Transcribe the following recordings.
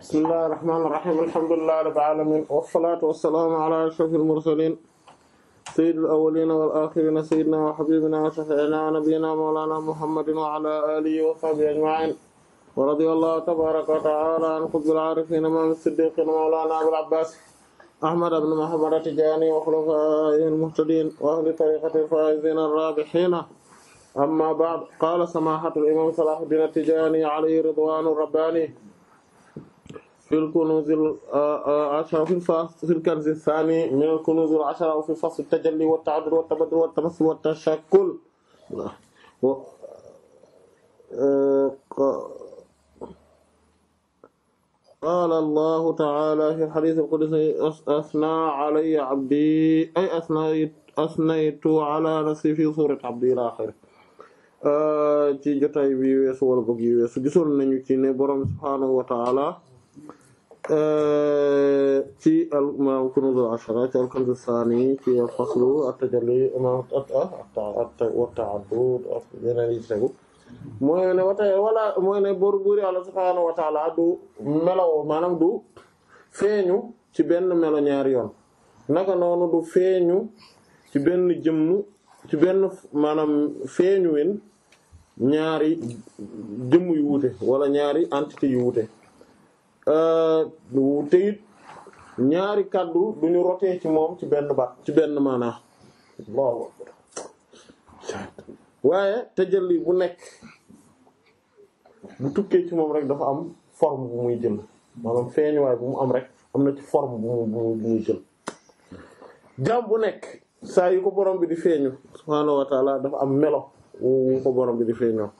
بسم الله الرحمن الرحيم الحمد لله رب العالمين والصلاة والسلام على أشرف المرسلين سيد الأولين والآخرين سيدنا وحبيبنا وشفعنا ونبينا مولانا محمد وعلى آله وصحبه أجمعين ورضي الله تبارك وتعالى عن خذ العارفين إمام الصديق مولانا أبو العباس أحمد بن محمد تجاني وخلفائه المهتدين وأهل طريقة الفائزين الرابحين أما بعد قال سماحة الإمام صلاح الدين التجاني عليه رضوان الرباني في الكنوز العشرة في الفصل في الكنز الثاني من الكنوز العشرة وفي فصل التجلي والتعدد والتبدل والتمثل والتشكل و... قال الله تعالى في الحديث القدسي أثنى علي عبدي أي أثنيت أثنيت على نفسي في صورة عبدي إلى آخره Eh, ci jotay bi yeesu wala bok yeesu gisul nañu ci ne borom subhanahu wa ta'ala eh, ci al-imam kunuzul ashara ci al-kanzu sani ci al-faslu at-tajalli imam at-ta at-ta wata'abud yeneen yi tegu moy ne wata wala moy ne bor buri allah subhanahu wa ta'ala du melaw manam du feñu ci ben melo ñaar yoon naka nonu du feñu ci ben jëm ci ben manam feñu wen ñaari jëm yu wuté wala ñaari entité yu wuté euh wuté ñaari kaddu duñu roté ci mom ci benn bat ci benn mana law waaye tejeeli bu nek bu tukke ci mom rek dafa am forme bu muy jël manam feñu way bu mu am rek amna ci forme bu bu muy jël jam bu nek sa yu ko borom bi di feñu subhanahu wa ta'ala dafa am melo wu ko borom bi di feeñoo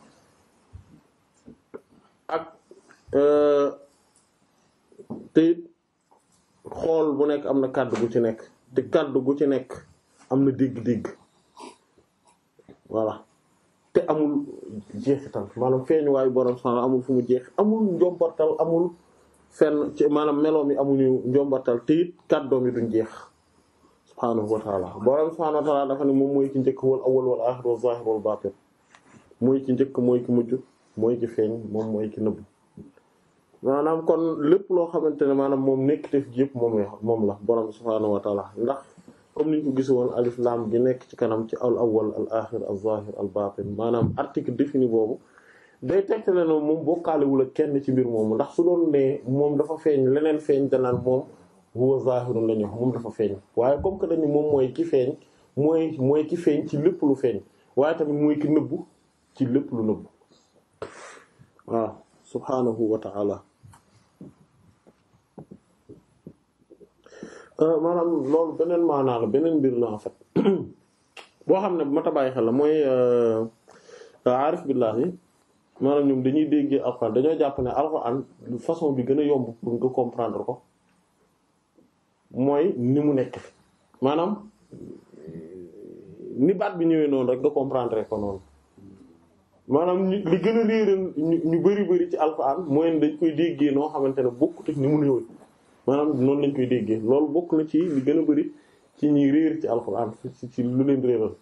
ak euh, te it xool bu nekk am na kàddu gu ci nekk te kàddu gu ci nekk am na dégg-dégg voilà te amul jeexital maanaam feeñuwaayu borom sax amul fu mu jeex amul njombartal amul fenn ci maanaam meloom yi amuñu njombatal te it kàddoom yi jeex. subhaanahu wa taala borom subhaanahu wa taala dafa ne moom mooy ki njëkk wal awwal wal aaxir wal zaahir wal baatin mooy ki njëkk mooy ki mujj mooy ki feeñ moom mooy ki nëbb maanaam kon lépp loo xamante ne maanaam moom nekk def ji yëpp moom moom la borom subhaanahu wa taala ndax comme ni ñu ko gisoon alif laam gi nekk ci kanam ci al awwal al aaxir al zaahir al baatin maanaam article défini boobu day tegte ne moom bokkaalewul ak kenn ci mbir moomu ndax su doon ne moom dafa feeñ leneen feeñ danaan moom. huwa zahirun la moom dafa feeñ waaye comme que dañu moom mooy ki feeñ mooy mooy ki feeñ ci lépp lu feeñ waaye tamit mooy ki nëbbu ci lépp lu nëbbu waaw subhaanahu wa ta'ala euh, maanaam loolu beneen maanaa beneen mbir la en boo xam ne bu ma tabaay xel la mooy euh, aarif billahi maanaam ñoom dañuy déggee alxuraan dañoo jàpp ne alxuraan façon bi gën a yomb pour nga comprendre ko mooy ni mu nekk maanaam ni baat bi ñëwee noonu rek nga comprendre ko noonu maanaam li gën a réere ñu bëri bëri ci alxuraan mooy ne dañ koy déggee noo xamante ne bokkut ak ni mu ñëwee maanaam noonu lañ koy déggee loolu bokk na ci li gën a bëri ci ñuy réer ci alxuraan ci lu leen réeral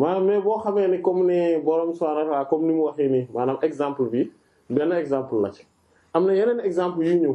maanaam mais boo xamee ne comme ni borom subhaanahu wa comme ni mu waxee nii maanaam exemple bi benn exemple la ci am na yeneen exemple yu ñëw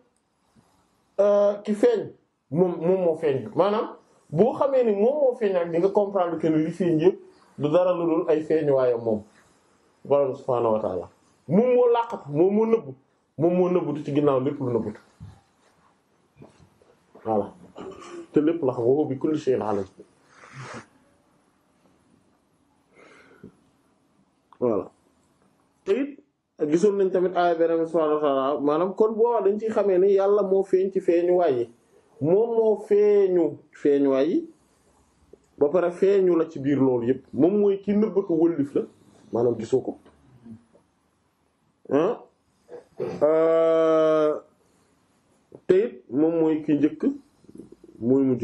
Euh, ki feeñ moom moom moo feeñ maanaam boo xamee ni moom moo feeñ nag nga comprendre que ni li feeñ yëpp du dara lu dul ay feeñ waayam moom borom subhaanahu wa moom moo làqatu moom moo nëbbu moom moo nëbbutu ci ginnaaw lépp lu nëbbutu voilà te lépp la xam woo bi kulli shay'in alim voilà te it gisoon nañ tamit aaya beneen subhaanahu wa ta'aala maanaam kon boo dañ ci xamee ni yàlla moo feeñ ci feeñuwaay yi moom moo feeñu waay yi ba pare feeñu la ci biir loolu yëpp moom mooy ki nëbbatu wëllif la maanaam gisoo ah. euh, te it moom mooy njëkk mooy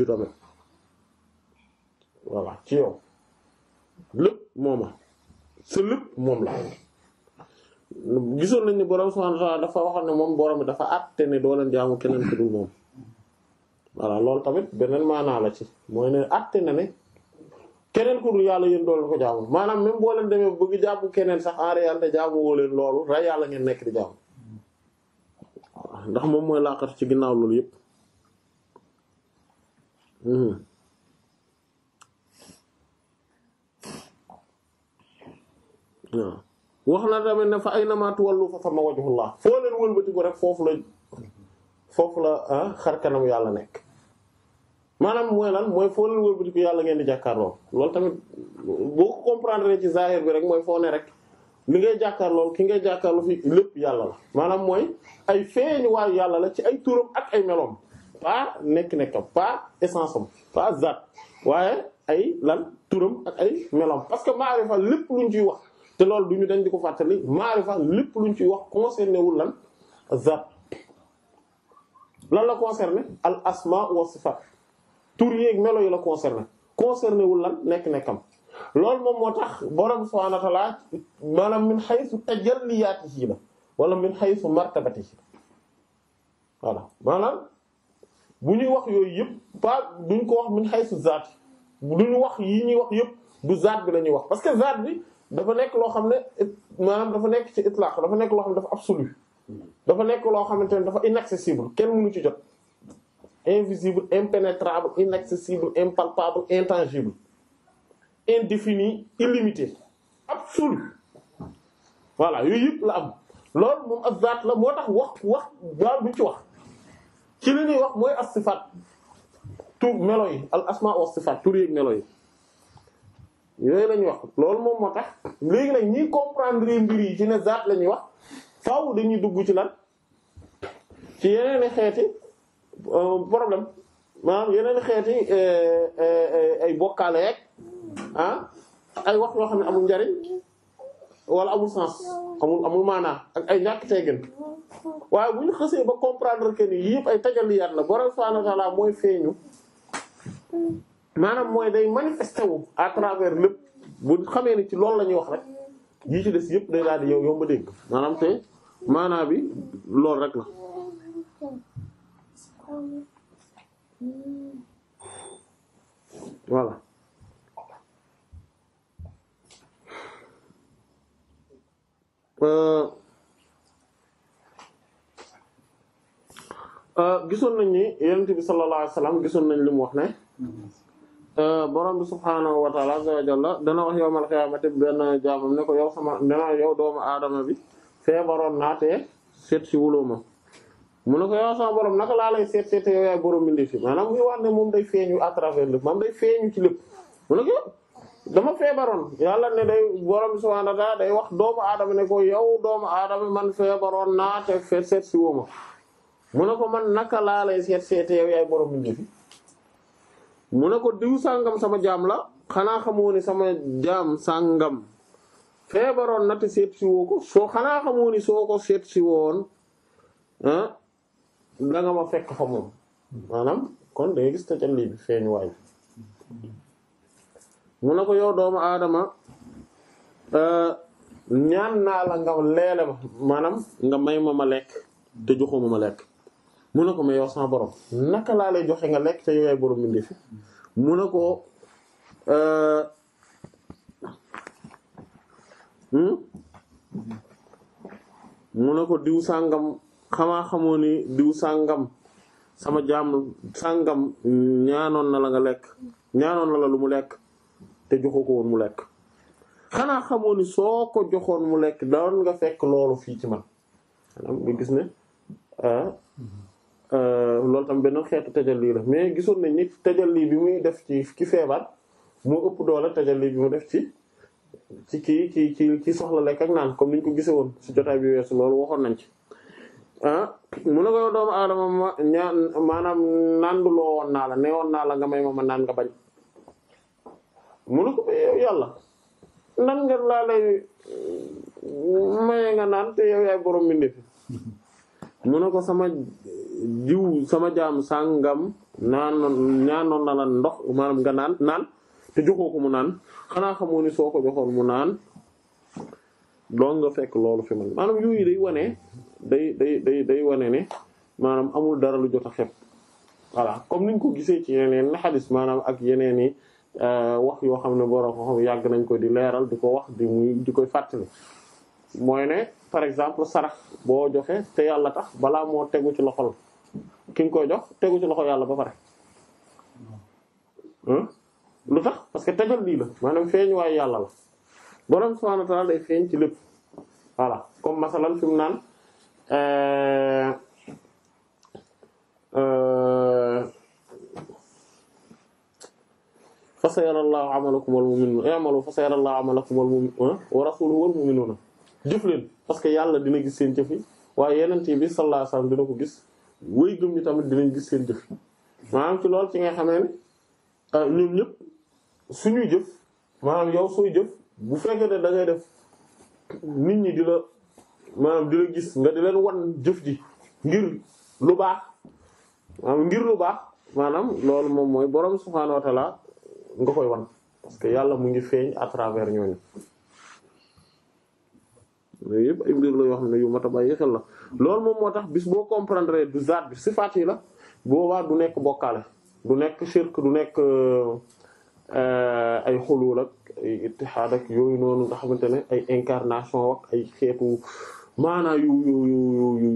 ci yow lépp sa lépp moom la gisoon nañ ne borom subhaanahu wa dafa waxoon ne moom borom bi dafa àtte ne doo leen jaamu keneen ku dul moom voilà loolu tamit beneen maanaa la ci mooy ne àtte na ne keneen ku dul yàlla yéen dool ko jaamu maanaam même boo leen demee bëgg jàpp keneen sax en réalité jaamu woo leen loolu rek yàlla ngeen nekk di jaamu ndax moom mooy laqatu ci ginnaaw loolu yëpp hmm. wax na tamit ne fa ay namaatu wàllu fa fama wajhullah foo leen wëlbati ko rek foofu la foofu la ah, xar kanam yàlla nekk maanaam mooy lan mooy foo leen wëlbati ko yàlla ngeen di jàkkaarloo loolu tamit boo ko comprendre ci zahir bi rek mooy foo ne rek li ngay jàkkaarloo ki ngay jàkkaarloo fi lépp yàlla la maanaam mooy ay feeñu waayu yàlla la ci ay turam ak ay meloom pas nekk-nekkam pas essence am pas zat waaye ay lan turam ak ay meloom parce que maarifa lépp luñ ciy wax te loolu duñu dañ diko fatali maarifa lépp luñ ci wax concerné wul lan zat lan la concerné al asma wa sifat tour yi ak melo yi la concerné concerné wul lan nek nekam loolu mom motax borom subhanahu wa ta'ala manam min haythu tajalliyatihi wala min haythu martabatihi wala manam buñu wax yoy yep ba duñ ko wax min haythu zat buñu wax yi ñi wax yep du zat bi lañu wax parce que zat bi dafa nek lo xam ne dafa nek ci itlaq dafa nek lo xam dafa absolu dafa nek lo xamante dafa inaccessible kenn mënu ci jot invisible impénétrable inaccessible impalpable intangible indéfini illimité absolu voilà yooyu yëpp la am lool moom ak la motax wax wax daal du ci wax ci li ñuy wax moy as sifat tu meloy al asma wa sifaat tur yeeg melo yooyu lañuy wax loolu moom moo tax léegi nag ñi comprendre mbir yi ci ne zaat la ñuy wax faaw dañuy dugg ci lan ci yeneen xeeti euh, problème maanaam yeneen xeeti euh, euh, ay bokkaale yeeg ah ay wax yoo xam ne amul njariñ wala amul sens amul amul maanaa ak ay ñàkk teggin waaye bu ñu xësee ba comprendre que ni yëpp ay tajaliyaat la borom subhanahu mooy feeñu. maanaam mooy day manifesté wu à travers lépp bu xamee ni ci loolu la ñuy wax rek yi ci des yëpp day daal di yow yow ma maanaam te maanaa bi loolu rek la. voilà. Euh, euh, gisoon nañ ni yonent bi sallallahu alayhi wasallam gisoon nañ li mu wax ne Euh, borom bi subhaanahu wa taala azza wa jalla dana wax yowmal qiyaamati benn jaamam ne ko yow sama doomu aadama bi feebaroon naa te seet si wuloo ne ko yow sama borom naka laa lay seet seet te yaay borom mi indi fi maanaam muy wax ne moom day feeñu à travers lépp moom day feeñu ci lépp mu ne ko dama feebaroon yàlla ne day borom bi day wax doomu aadama ne ko yow doomu aadama man feebaroon naate te seet si woo mu ne ko man naka laa seet seet te yaay borom mi indi mu ne ko diw sàngam sama jaam la xanaa xamoo sama jaam sàngam feebaroon na te seet si woo soo xanaa xamoo soo ko seet si woon ah ma fekk fa moom maanaam kon day gis tajalli bi feeñ waay mu ne ko yow doomu aadama euh, ñaan naa la nga leele ma maanaam nga may ma ma lekk te joxuma ma lekk mu ne ko mais yow sama naka laa lay joxe nga lekk te yow yaay borom mi ndefi mu ko euh, hmm? mu ne ko diw sàngam xamaa xamoo ni diw sàngam sama jaam sàngam ñaanoon na la nga lekk ñaanoon na la lu mu lekk te joxoo ko woon mu lekk xanaa xamoo ni soo ko joxoon mu lekk doon nga fekk loolu fii ci man nga gis ne ah, Euh, loolu tam benn xeetu tajalli la mais gisoon nañ ni tajalli bi muy def ci ki feebar moo ëpp doole tajalli bi mu def ci ci kii ci ci ci soxla lekk ak naan comme niñ ko gisee woon si jotaay bi weesu loolu waxoon nañ ci ah mu ne doomu aadama ma ñaan maanaam nanduloo woon naa la ne woon naa la nga may ma ma naan nga bañ mu ne ko mais eh, yow yàlla nan laa lay mm, maye nga naan te yow yaay borom mbindeef mu ne ko sama jiw sama jaam sàngam naanoon ñaanoon na la ndox maanaam nga naan te joxoo mu naan xanaa xamoo ni soo ko joxoon mu naan doon nga fekk loolu fi man maanaam yooyu day wane day day day day wane ne maanaam amul dara lu jot a xeeb voilà comme niñ ko gisee ci yeneen na xadis maanaam ak yeneeni i euh, wax yoo xam ne borom xam yàgg nañ ko di leeral di ko wax di muy di koy fàttali mooy ne par exemple sarax boo joxe te yàlla tax balaa moo tegu ci loxol ki nga jox tegu ci loxo yàlla ba pare. Hmm? lu tax parce que tegal lii la maanaam feeñ waaye yàlla la borom subhaanahu wa feeñ ci lépp voilà comme masalan fi mu naan euh, euh, fa sayarallahu amalakum wal mu'minuuna i'malu fa parce que yàlla dina gis seen jëf waaye yenente bi sallallahu alayhi wasallam dina ko gis wéy gëm ñi tamit dinañ gis seen jëf yi maanaam ci loolu ci nga xamee ne ah, ñun ñëpp jëf maanaam yow sooy jëf bu fekkee ne da ngay def nit ñi di la maanaam di gis nga di wan jëf ji ngir lu baax maanaam ngir lu baax maanaam loolu moom mooy boroom subhaanahu wa nga koy wan parce que yàlla mu ngi feeñ à travers ñooñu yooyu yëpp la yoo xam ne yu mat a bàyyi xel la loolu moom moo tax bis boo comprendre du zaat bi sifaat yi la boobaa du nekk bokkaale du nekk shirk du nekk euh, ay xulul ak ay ittihaad ak yooyu noonu nga xamante ne ay incarnation ak ay xeetu maanaa yu yu yu yu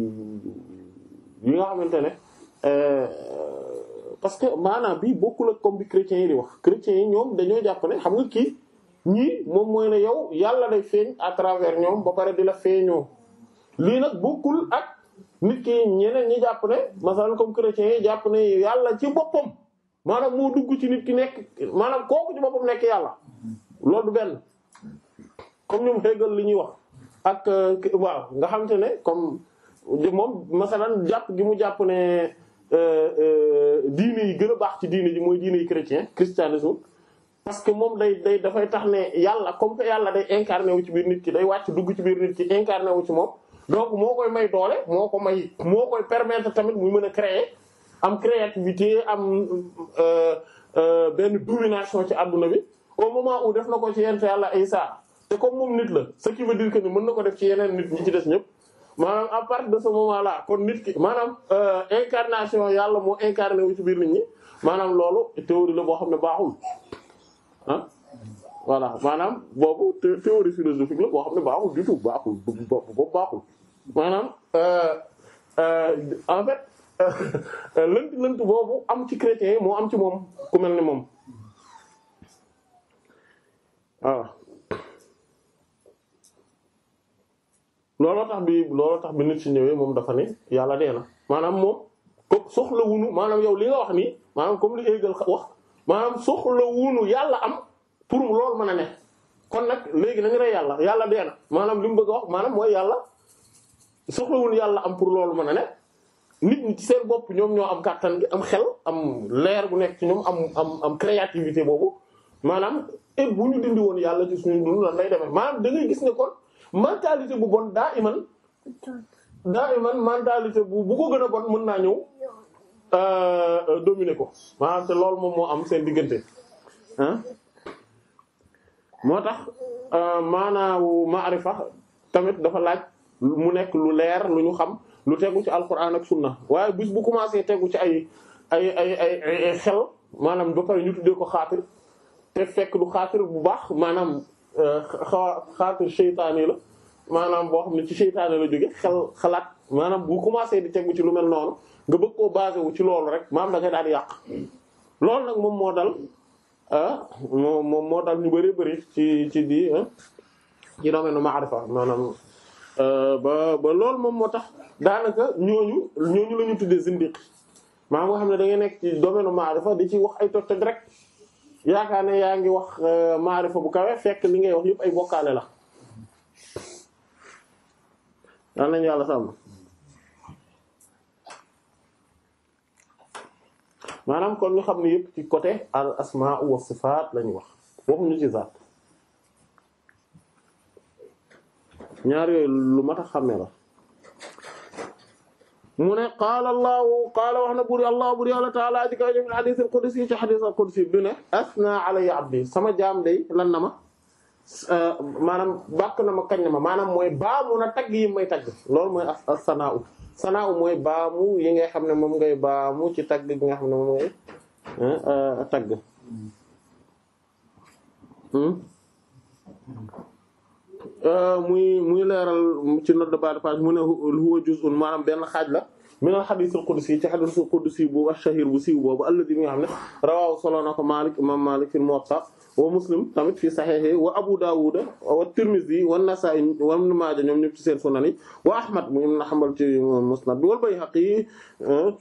yi nga xamante ne euh, parce que maanaa bi bokkul ak comme bi chrétiens yi di wax chrétiens yi ñoom dañoo jàpp ne xam nga kii ñii moom mooy na yow yàlla na feeñ à travers ñoom ba pare di la feeñoo lii nag bokkul ak nit ki ñeneen ñi jàpp ne masalan comme chrétien yi jàpp ne yàlla ci boppam maanaam moo dugg ci nit ki nekk maanaam kooku ci boppam nekk yàlla loolu du benn comme ñu mu xégal li ñuy wax ak waaw nga xam te ne comme moom masalan jàpp gi mu jàpp ne euh, euh, diine yi gën a baax ci diine ji mooy diine yi chrétien christianisme parce que moom lay day dafay tax ne yàlla comme que yàlla day incarné wu ci biir nit ki day wàcc dugg ci biir nit ki incarné wu ci moom donc moo koy may doole moo ko may moo koy permettre tamit muy mën a créer am créativité am euh, euh, benn domination ci àdduna bi au moment où def na ko ci yent yàlla Isa te comme moom nit la ce qui veut dire mën na ko def ci yeneen nit ñi ci des ñëpp maanaam à partir de kon nit ki maanaam euh, incarnation yàlla moo incarné wu ci biir nit ñi maanaam loolu théorie la boo xam ne baaxul ah voilà maanaam boobu théorie philosophique la boo baaxul du tout baaxul boobu baaxul maanaam euh, euh, en fait euh, lënt lënt boobu am ci chrétien yi moo am ci moom ku mel ni moom waaw looloo tax bi looloo tax bi nit ci ñëwee moom dafa ne yàlla dee na maanaam moom ko soxla wunu maanaam yow li nga wax nii maanaam comme li Hegel wax maanaam soxla wunu yàlla am pour loolu mën a ne kon nag léegi nañu rey yàlla yàlla dee na maanaam li mu bëgg a wax maanaam mooy yàlla soxla yàlla am pour loolu mën a ne nit seen bopp ñoom ñoo am kàttan gi am xel am leer bu nekk ci ñoom am am am créativité boobu maanaam et bu ñu dindi woon yàlla ci suñu dund lan lay demee maanaam da ngay gis ne kon mentalité bu bon daa iman daa iman mentalité bu bu ko gën a bon mën naa ñëw Euh, euh, dominer ko maanaam te loolu moom moo am seen diggante moo tax euh, maanaawu maarifa tamit dafa laaj mu nekk lu leer lu ñu xam lu tegu ci alquran ak sunna waaye bis bu commencé tegu ci ay ay ay ay ay xel maanaam ba pare ñu tuddee ko xaatir te fekk lu xaatir bu baax maanaam xaw xaatir seytaane la maanaam boo xam ne ci seytaane la jóge xel xalaat maanaam bu commencé di tegu ci lu mel noonu nga bëgg koo basé ci loolu rek maam da ngay daal di yàq loolu nag moom moo dal ah moom moo dal ñu bëri bari ci ci di ah, ci domaine maarifa maanaam euh, ba ba loolu moom moo tax daanaka ñooñu ñooñu la ñu tuddee zindiq maam nga xam ne da ngay nekk ci domaine maarifa di ci wax ay toj-toj rek yaakaar ne yaa ngi wax euh, maarifa bu kawe fekk li ngay wax yëpp ay bokkaale la. daan nañu yàlla sàmm. maanaam kon ñu xam ne yëpp ci côté al asmaa wa sifaat la ñu wax waxuñu ci zaat ñaar yooyu lu mat a xàmmee la mu ne qaala allahu qaala wax na buri allah buri àllah taala ji kaw jëmin hadith al qudsi ci hadith al qudsi bi ne alayya abdi sama jaam day lan na ma maanaam bàkk na ma kañ na ma maanaam mooy baamu na tagg yi may tagg loolu mooy as sanaa sanaaw mooy baamu yi nga xam ne moom ngay baamu ci tagg gi nga xam ne moom ngay eh, eh, tagg hmm? eh, muy muy leeral ci nodd badi page mu ne huwa juz'un maanaam benn xaaj la من الحديث القدسي تحدث القدسي بو الشهير بو بو الذي مي خامل رواه صلوه مالك امام مالك في الموطا ومسلم تامت في صحيحه وابو داوود والترمذي والنسائي وابن ماجه نيوم نيب سين سنن واحمد من حمل في المسند والبيهقي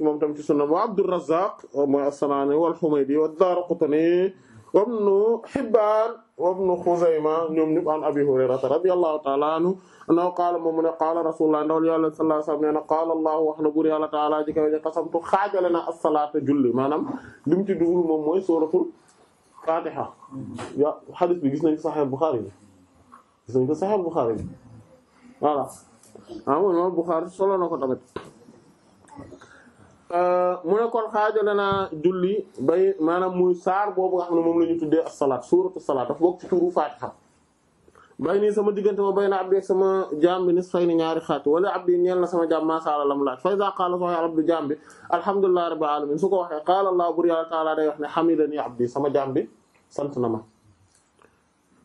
مام تامت سنن وعبد الرزاق والصنعاني والحميدي والدارقطني ابن حبان وابن خزيمه نيوم نيب عن ابي هريره رضي الله تعالى عنه انه قال ممن قال رسول الله صلى الله عليه وسلم قال الله وحنا بور الله تعالى ديك قسمت خاجلنا الصلاه جل مانام ديم تي دوغول موم موي سوره الفاتحه يا حديث بي غيسنا صحيح البخاري غيسنا صحيح البخاري voilà ah, amul bukhari solo nako tamit Euh, mu ne kon xaajo danaa julli bay maanaam muy saar boobu nga xam ne moom la ñu tuddee as-salaat suuratu salaat dafa bokk ci turu faatiha bay nii sama diggante ma bay na abdi sama jaam bi nis fay ni ñaari xaati wala abdi ñeel na sama jaam maasaala lam laaj fa iza qaala soxee abdu jaam bi alhamdulillahi rabbil alamin su ko waxee qaala allah bur yàlla taala day wax ne hamidani abdi sama jaam bi sant na ma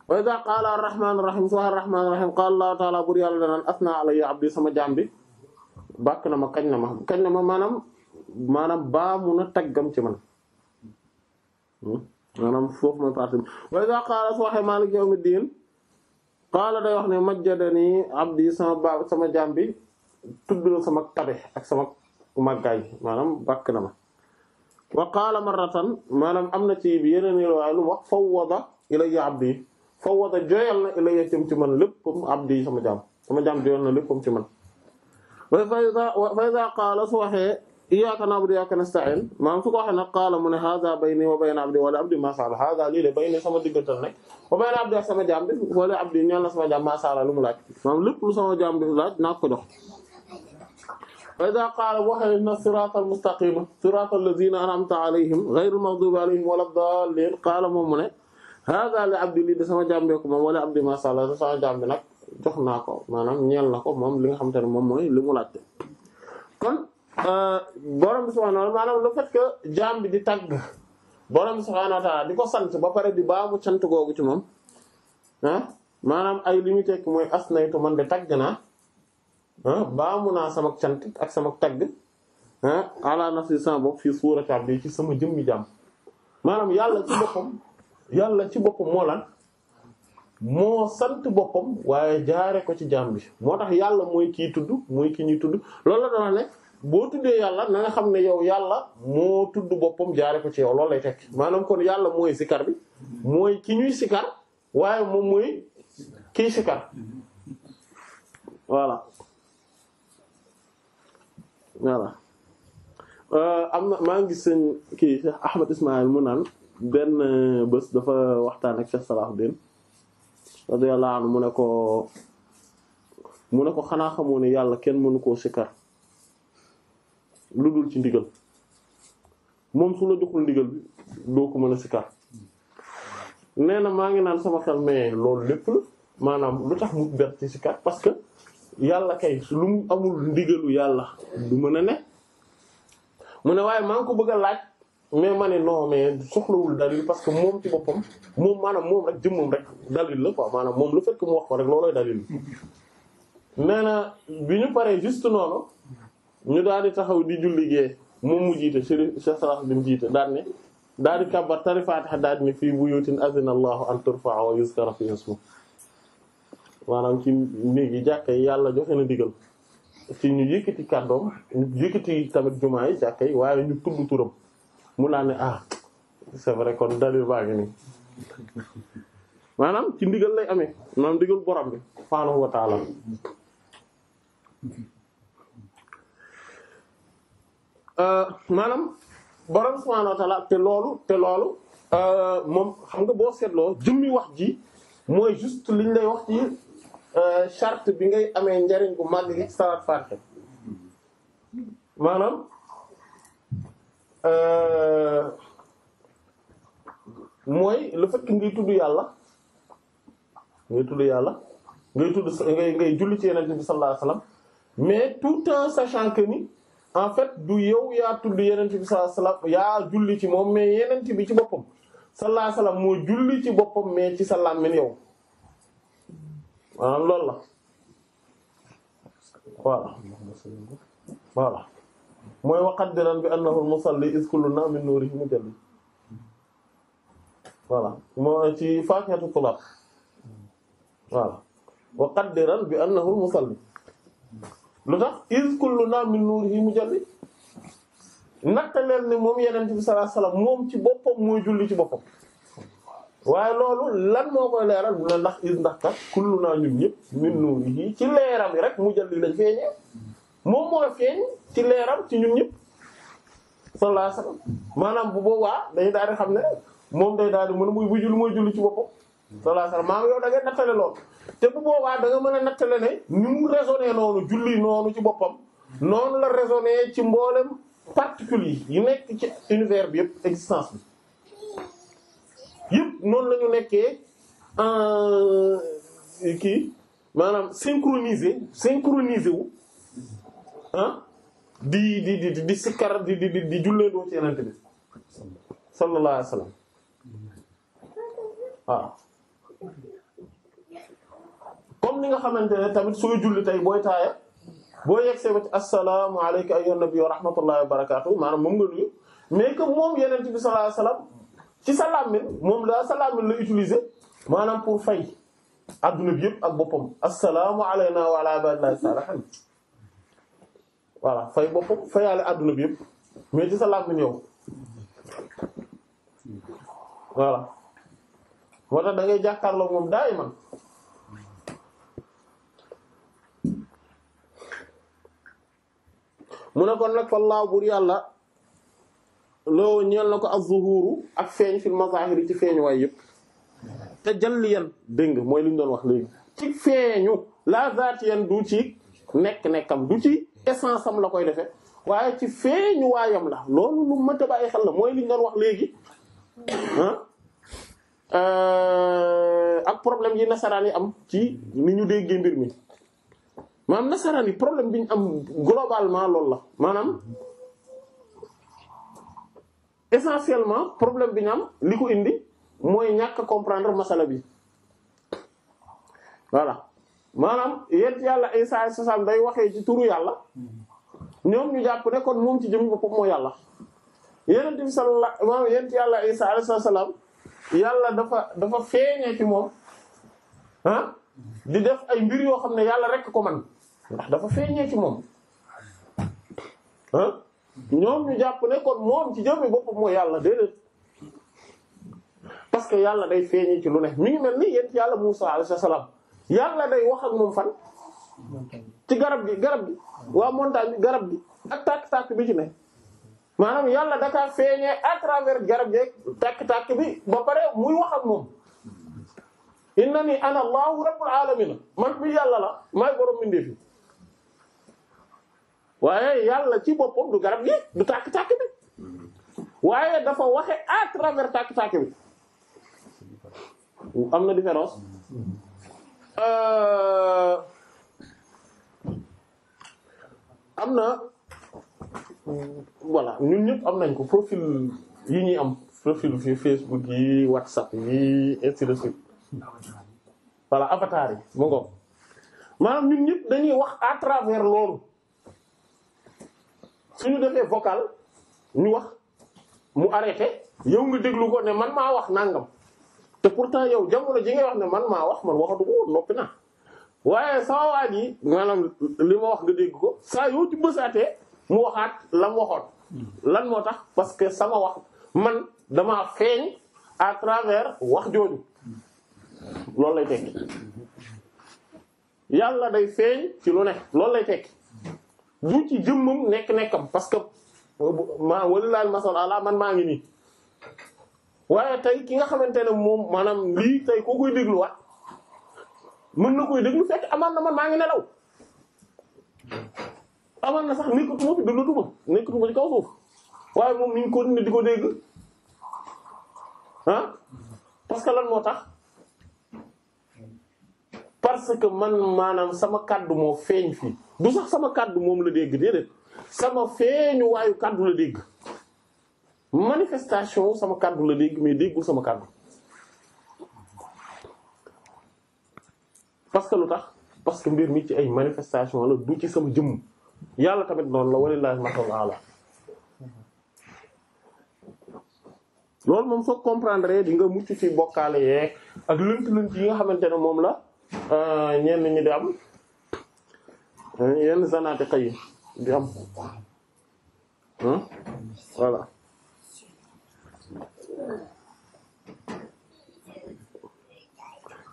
wa iza qaala arrahmaanu rahiim su waxee arrahmaanu rahiim qaala allah taala bur yàlla danaan asna alayya abdi sama jaam bi bàkk na ma kañ na ma kañ na ma maanaam maanaam baamu na taggam ci man hmm? maanaam foofu mooy parti wa iza qaala su waxee maalik yawmi diin qaala day wax ne majjadani abdi sama ba sama jaam bi tudd na sama tabe ak sama màggaay maanaam bàkk na ma wa qaala marratan maanaam am na ci yeneen riwaaya lu wax fawwada ilayya abdi fawwada joyal na ilayya cam ci man léppam abdi sama jaam sama jaam joyal na léppam ci man fa iza qaala su waxee إياك نعبد إياك نستعين ما أنفقوا حنا قال من هذا بيني وبين عبدي ولا عبدي ما صار هذا لي بيني سما دقتنا وبين عبدي سما جامد ولا عبدي نيا سما جام ما صار لهم لا ما لب سما جامد لا نأكله فإذا قال وحي لنا الصراط المستقيم صراط الذين أنعمت عليهم غير المغضوب عليهم ولا الضالين قال من هذا لعبدي لي سما جامد ولا عبدي ما صار سما جامد لا جخناكو ما نم نيا لكم ما لين خمتنا ما موي لمولاتي كن Euh, borom bi subhaanahu wa ta'aala maanaam le fait que jaam bi di tàgg borom bi subhaanahu di ko sant ba pare di baamu cant googu ci moom ah, maanaam ay li ñu tekk mooy as naytu man de tagg naa ah baamu naa sama cant ak sama tagg ah ala si sama bopp fii suurati abdi ci sama jëmmi jaam maanaam yàlla ci boppam yàlla ci boppam moo lan moo sant boppam waaye jaare ko ci jaam bi moo tax yàlla mooy kii tudd mooy ki ñuy tudd loolu la doon wax ne boo tuddee yàlla na xam ne yow yàlla moo tudd boppam jaare ko ci yow loolu lay tekk maanaam kon yàlla mooy sikar bi mooy ki ñuy sikar waaye moom mooy kiy sikar voilà voilà euh, am na maa ngi gis seen kii Cheikh Ahmed Ismaïl mu naan benn bés dafa waxtaan ak Cheikh Salahuddin radiyallahu mu ne ko mu ne ko xanaa xamoo ne yàlla kenn mënu koo sikar lu dul ci ndigal moom su la joxul ndigal bi doo ko mën a sikar nee na maa ngi naan sama xel mais loolu lépp la maanaam lu tax mu bett ci sikar parce que yàlla kay lu amul ndigalu yàlla du mën a ne mu ne waaye maa ngi ko bëgg a laaj mais ma ne non mais soxlawul dalil parce que moom ci boppam moom maanaam moom rek jëmmam rek dalil la quoi maanaam moom lu fekk mu wax ko rek loolooy dalil nee na bi ñu paree juste noonu ñu daal di taxaw di julli gee moom mu jiite Cheikh Salah bi mu jiite daan ne daal di kàbbar tari Faatiha daal ne fii buyutin azina Allahu an turfa'a wa yuzkara fiha ismuhu maanaam ci néegi yàlla joxe na digal ci ñu yëkkati kàddoom ñu yëkkati tamit jumaa yi waaye ñu tudd turam mu naan ne ah c'est vrai kon dalil baa ngi maanaam ci ndigal lay amee maanaam ndigal borom bi subhaanahu wa Euh, maanaam borom subhaanahu wa te loolu te loolu euh, moom xam nga boo seetloo jëmmi wax ji mooy juste liñ lay wax ci euh, charte bi ngay amee njariñ bu màgg gi salaat maanaam mooy le fait ngay tudd yàlla ngay tudd yàlla ngay tudd ngay ngay julli ci Yonent bi sallallahu alayhi mais tout en sachant que ni en fait du yow yaa tudd yenent bi sallallahu alayhi wasallam julli ci moom mais yenent bi ci boppam sallallahu alayhi moo julli ci boppam mais ci sa làmmiñ yow maanaam loolu la voilà voilà mooy bi annahu al-musalli iz kulluna min nuurihi mujalli voilà moo ci faakatu tulaq voilà waqaddiran bi annahu musalli lu tax iz kulluna min nuurihi mujalli natta leen ne moom yeneen bi sallallahu moom ci boppam mooy julli ci boppam waaye loolu lan moo koy leeral bu ne ndax iz ndax kat kulluna ñun ñëpp min nuurihi ci leeram yi rek mujalli lañ feeñee moom moo feeñ ci leeram ci ñun ñëpp sallallahu maanaam bu boobaa dañu daal di xam ne moom day daal di mën muy bu julli mooy julli ci boppam. sallallahu alayhi wasallam maam yow danga nga nattale lool te bu boobaa danga mën a nattale ne ñu mu raisonné noonu julli noonu ci boppam noonu la raisonné ci mboolem particules yi nekk ci univers bi yëpp existence bi yëpp noonu la nekkee en kii maanaam synchronisé synchronisé wu ah, di di di di sikkar di di di julleendoo ci yenente bi sallallahu alayhi wasallam waaw comme ni nga xamantene tamit soy julli tay boy taaya boy yexse ba assalamu alayka ayyuhan nabi wa rahmatullahi wa barakatuh manam mom nga nuyu mais que mom yeneen bi sallallahu alayhi wa ci sa làmmiñ moom la sa làmmiñ la utiliser manam pour fay aduna bi yeb ak bopam assalamu alayna wa ala ibadillahi salahan voilà fay boppam fayaale aduna bi yeb mais ci sa làmmiñ yow voilà moo tax da ngay jàkkaarloo moom daay man mu ne kon nag fallaahu buur yàlla loo ñeel na ko az-zuhuru ak feeñ fil mazahiri ci feeñ waay yëpp te jalliyan dégg mooy liñ doon wax léegi ci feeñu la zaatiyan du ci nekk-nekkam du ci essence am la koy defe waaye ci feeñu waayam la loolu lu mënta bàyyi xel la mooy li ñu doon wax léegi Euh, ak problème yi nasaraan yi am ci ni ñu déggee mbir mi maanaam nasaraan yi problème bi ñu am globalement loolu la maanaam essentiellement problème bi ñu am li ko indi mooy ñàkk comprendre masala bi voilà maanaam yent yàlla Isaa sasam day waxee ci turu yàlla ñoom ñu jàpp ne kon moom ci jëm boppam moo yàlla yenent bi sallallahu yent yàlla Isaa alayhi salaam yàlla dafa dafa feeñee ci moom ah di def ay mbir yoo xam ne yàlla rek ko man ndax dafa feeñee ci moom ah ñoom ñu jàpp ne kon moom ci jëmmi boppam mooy yàlla déedéet parce que yàlla day feeñee ci lu ne mi ngi mel ni yéen yàlla Musaa sa salaam yàlla day wax ak moom fan ci garab gi garab gi waa montagne garab gi ak tàkk-tàkk bi ci ne. maanaam yàlla dakaa feeñee à travers garab yeeg tàkk-tàkk bi ba pare muy wax moom inna ni ana allahu rabbul alamina man bi yàlla la maay borom mbindeef waaye yàlla ci boppam du garab gi du tàkk-tàkk bi waaye dafa waxe à travers tàkk-tàkk bi am na différence euh, am na voilà ñun ñëpp am nañ ko profil yi ñuy am profil fi Facebook yi WhatsApp yi ainsi de suite avatar yi mu ngoog maanaam ñun ñëpp dañuy wax à travers loolu suñu defee vocal ñu wax mu arrêté yow nga déglu ko ne man maa wax nangam te pourtant yow jamono ji ngay wax ne man maa wax man waxatu ko noppi naa waaye saa waaj yi maanaam li ma wax nga dégg ko saa yoo ci bësaatee mu waxaat la waxoon lan moo tax parce que sama wax man dama feeñ à travers wax jooju loolu lay tekki yàlla day feeñ ci lu ne loolu lay tekki du ci jëmmam nekk-nekkam parce que ma walilaal masal man maa ngi nii waaye tey ki nga xamante ne moom maanaam lii tey koo koy dégluwaat mën na koy déglu fekk amaan na man maa ngi nelaw amaan na sax nekkatuma fi dundatuma nekkatuma ci kaw waaye moom mi ngi di ko dégg ah parce que lan moo tax parce que man maanaam sama kàddu moo feeñ fii du sax sama kàddu moom la dégg déedéet sama feeñu waayu kàddu la dégg manifestation sama kàddu la dégg mais déggul sama kàddu parce que lu tax parce que mbir mi ci ay manifestation la du ci sama jëmm yàlla tamit noonu la walillahi matal ala loolu moom soo comprendre di nga mucc ci bokkaale yeeg ak lënt-lënt yi nga xamante ne moom la euh, ñenn ñi di am yenn zanaate xëy di am hmm? voilà.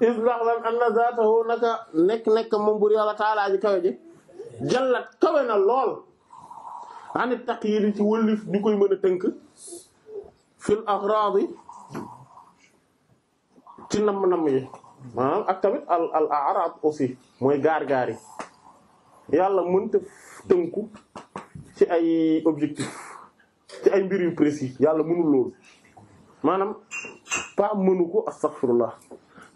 is ndax lan am na zaatahu naka nekk nekk moom bur yàlla taalaa ji kawe jallat kawe na lool anit taqyid ci wëllif ñu koy mën a tënk fil aghrad ci namm-namm yi maanaam ah, ak al al aussi mooy gaar gaari yàlla mënta tënku ci ay objectif ci ay mbir yu précis yàlla mënul loolu maanaam pas mënu ko astaghfirullah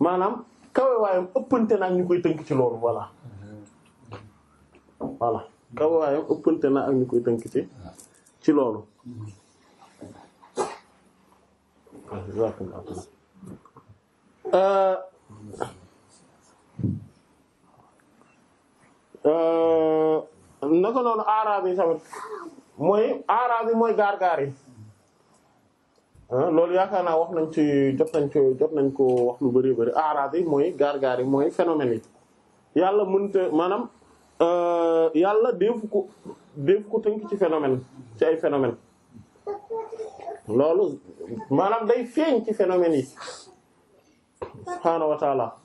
maanaam kawe waayam ëppante naag ñu koy tënk ci loolu wala voilà gabawaayam ëppante na ak ñu koy tënk ci ci loolu euh, euh, naka noonu aaraab yi tamit mooy aaraab mooy gaar-gaar loolu yaakaar naa wax nañ ci jot nañ ko jot nañ ko wax lu bari bari aaraab yi mooy gaar-gaar mooy phénomène yi yàlla mënta maanaam Euh, yàlla defu ko defu ko tënk ci phénomène ci ay phénomène loolu maanaam day feeñ ci phénomènes yi subhaanahu wa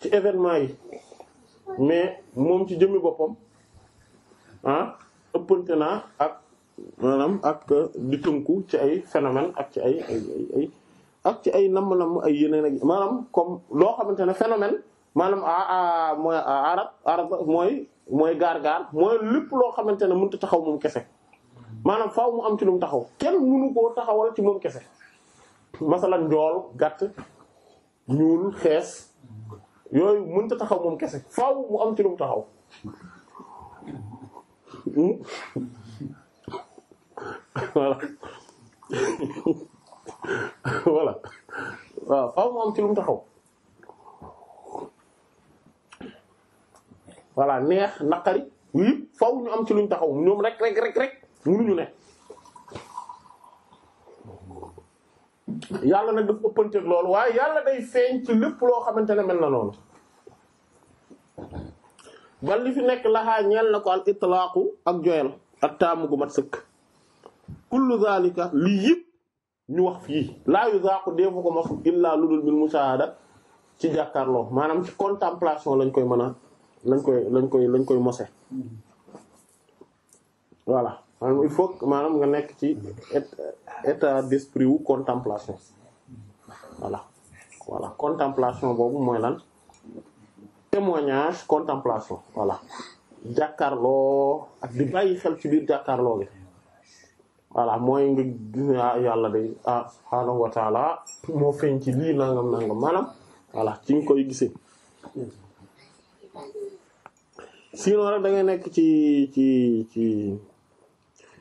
ci événement yi mais moom ci jëmmi boppam ah ëppante naa ak maanaam ak di tënku ci ay phénomène ak ci ay ay ay ci ay namm-namm ay yeneen maanaam comme loo xamante ne phénomène maanaam a a arab mooy mooy gaar-gaar mooy lépp loo xamante ne mënut a taxaw moom kese maanaam faaw mu am ci lum taxaw kenn mënu koo taxawal ci moom kese masalan njool gàtt ñuul xees yooyu mënut a taxaw moom kese faaw mu am ci lu taxaw voilà voilà waaw faaw mu am ci lu taxaw voilà neex naqari yëpp faw ñu am ci luñ taxaw ñoom rek rek rek rek mënuñu ne yàlla nag daf ëppanteeg loolu waaye yàlla day feeñ ci lépp loo xamante ne mel na lool bal li fi nekk laxaa ñeel na ko al itlaaqu ak joyal ak taamu gu mat sëkk kullu zalika lii yëpp ñu wax fii laa yu zaaqu deefu ko mos illaa lu dul musaada ci jàkkaarloo maanaam ci contemplation lañ koy mën lañ koy lañ koy lañ koy mose voilà maanaam nga nekk ci état d'esprit wu contemplation voilà voilà contemplation boobu mooy lan témoignage contemplation wala jàkkaarloo ak di bàyyi xel ci biir jàkkaarloo bi voilà mooy nga gis ah, yàlla day ah subhaanahu wa moo feeñ ci lii nangam nangam maanaam voilà ci nga koy gisee sinon rek da nekk ci ci ci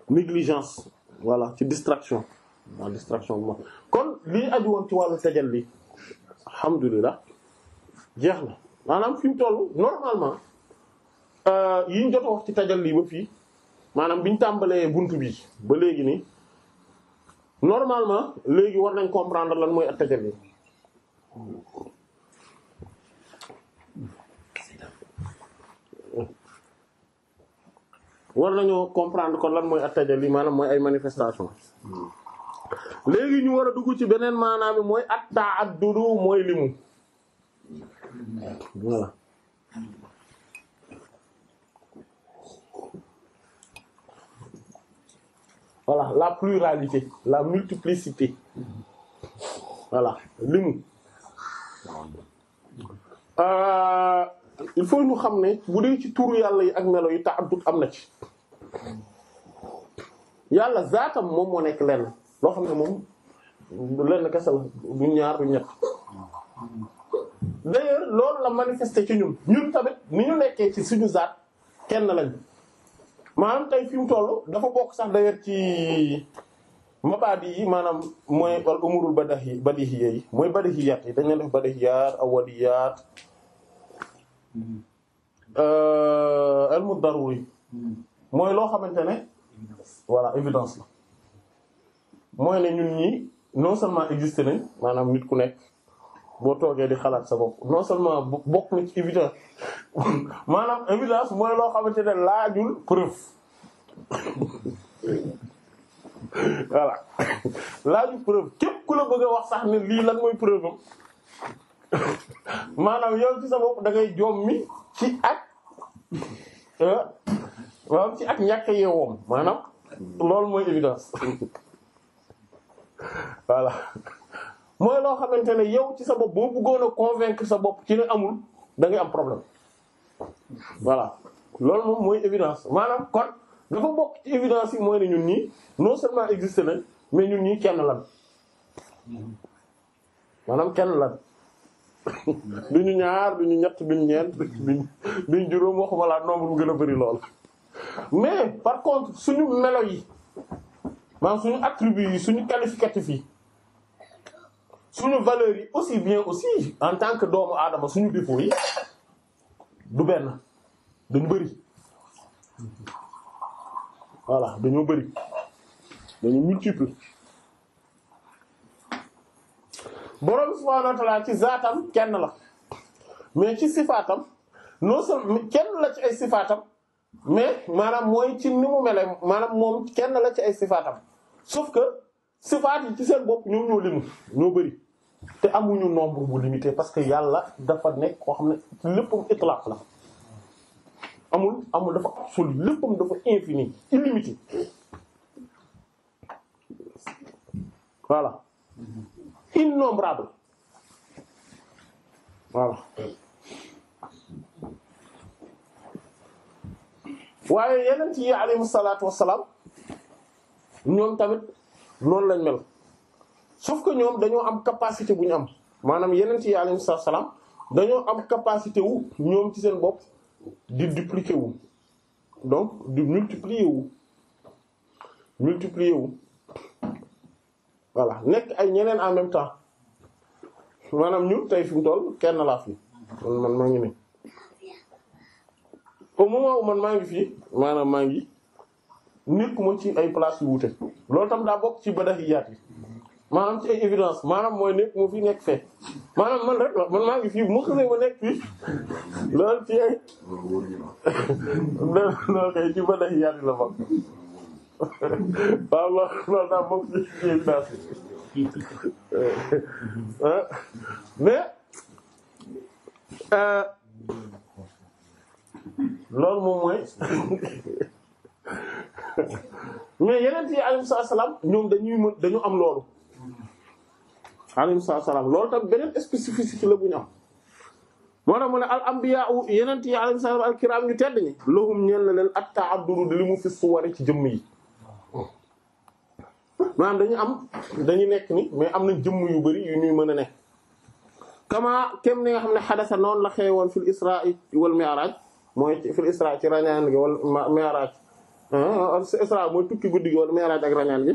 négligence voilà ci distraction waaw distraction bu mag kon lii aju ci wàllu tajal li alhamdulilah jeex na maanaam fi mu toll normalement euh, yi ñu jot ci tajal lii ba fii maanaam bi tàmbalee bunt bi ba léegi nii normalement léegi war nañ comprendre lan mooy at tajal lii war nañoo comprendre kon lan moy at li manam moy ay manifestation légui ñu wara duggu ci benen manam bi mooy at-ta'addudu mooy limu voilà voilà la pluralité la multiplicité voilà limu euh, il faut ñu xamné boudé ci turu yalla yi ak melo yu taaddu amna ci yàlla zaatam moom moo nekk lenn loo xam ne moom lenn kese la du ñaar du ñett d'ailleurs loolu la manifester ci ñun ñun tamit ni ñu nekkee ci suñu zaat kenn lañ maanaam tey fi mu toll dafa bokk sax d'ailleurs ci mabaadi yi maanaam mooy al umurul badahi badihiyya yi mooy badihiyyaat yi dañ leen def badahiyaat awwaliyaat mm-hmm. euh, al mudaruri yi mm-hmm. moy lo xamantene voilà évidence la mooy ne ñun ñi non seulement existé nañ manam nit ku nekk bo togué di xalat sa bopp non seulement bokk na ci évidence manam évidence moy lo xamantene ne preuve voilà laajul preuve képp ku la bëgg wax sax ne lii lan moy preuve manam yow ci sa bopp da ngay jommi ci ak euh, waaw ci ak ñàkk yeewoom maanaam loolu mooy évidence voilà mooy loo xamante ne yow ci sa bopp boo bëggoon a sa bopp ci ne amul dangay am problème voilà loolu moom mooy évidence maanaam kon dafa bokk ci évidence yi mooy ne ñun ñii non seulement existé nañ mais ñun ñii kenn lan maanaam kenn lan duñu ñaar duñu ñett duñu ñeent duñu juróom waxuma laa nombre bu gën a bari lool mais par contre suñu melo yi maanaam suñu attribut suñu qualificatif yi suñu valeur yi aussi bien aussi en tant que doomu adama suñu défauts yi du ben dañu bari voilà dañu bari dañu multiple borom subhaanahu wa ta'aala ci zatam kenn la mais ci sifatam non seulement kenn la ci ay sifatam mais maanaam mooy ci ni mu mele maanaam moom kenn la ci ay sifaatam sauf que sifaat yi ci seen bopp ñoom ñoo limu ñoo bëri te amuñu nombre bu limité parce que yàlla dafa nekk koo xam ne léppam itlaq la amul amul dafa absolu léppam dafa infini illimité voilà mm-hmm. innombrable voilà waaye yeneen ci alayhi salaatu wassalaam ñoom tamit noonu lañ mel sauf que ñoom dañoo am capacité bu ñu am maanaam yeneen ci alayhi salaatu salaam dañoo am capacité wu ñoom ci seen bopp di dupliquer wu donc di multiplier wu multiplier wu voilà nekk ay ñeneen en même maanaam ñu tey fi mu toll kenn laa fi man man au moment où man maa ngi fii maanaam maa ngi nekk ma ci ay place yu wuute loolu tam daa bokk ci badahiyaat yi maanaam ci ay évidence maanaam mooy nekk mu fi nekk fee maanaam man rek la man maa ngi fii bu ma xasee ma nekk fii loolu ci ay loolu kay ci badahiyaat yi la bokk waaw loolu daa bokk ci évidence yi eh, mais. Euh, loolu moom mooy mais yeneen yi alayhi ñoom dañuy mën dañu am loolu alayhi salaam loolu tam beneen spécificité la bu ñu am moo tax mu ne al anbiya yeneen yi alayhi salaam al kiram ñu tedd ñi lahum ñeen la leen at ta'addud li mu fi suwari ci jëmm yi maanaam dañu am dañu nekk ni mais am na jëmm yu bari yu ñuy mën a ne kama kem ni nga xam ne xadasa noonu la xewoon fil isra wal mi'raj mooy ci fil isra ci rañaan gi wala mi'raj ah, ah, isra mooy tukki guddi gi wala mi'raj ak rañaan gi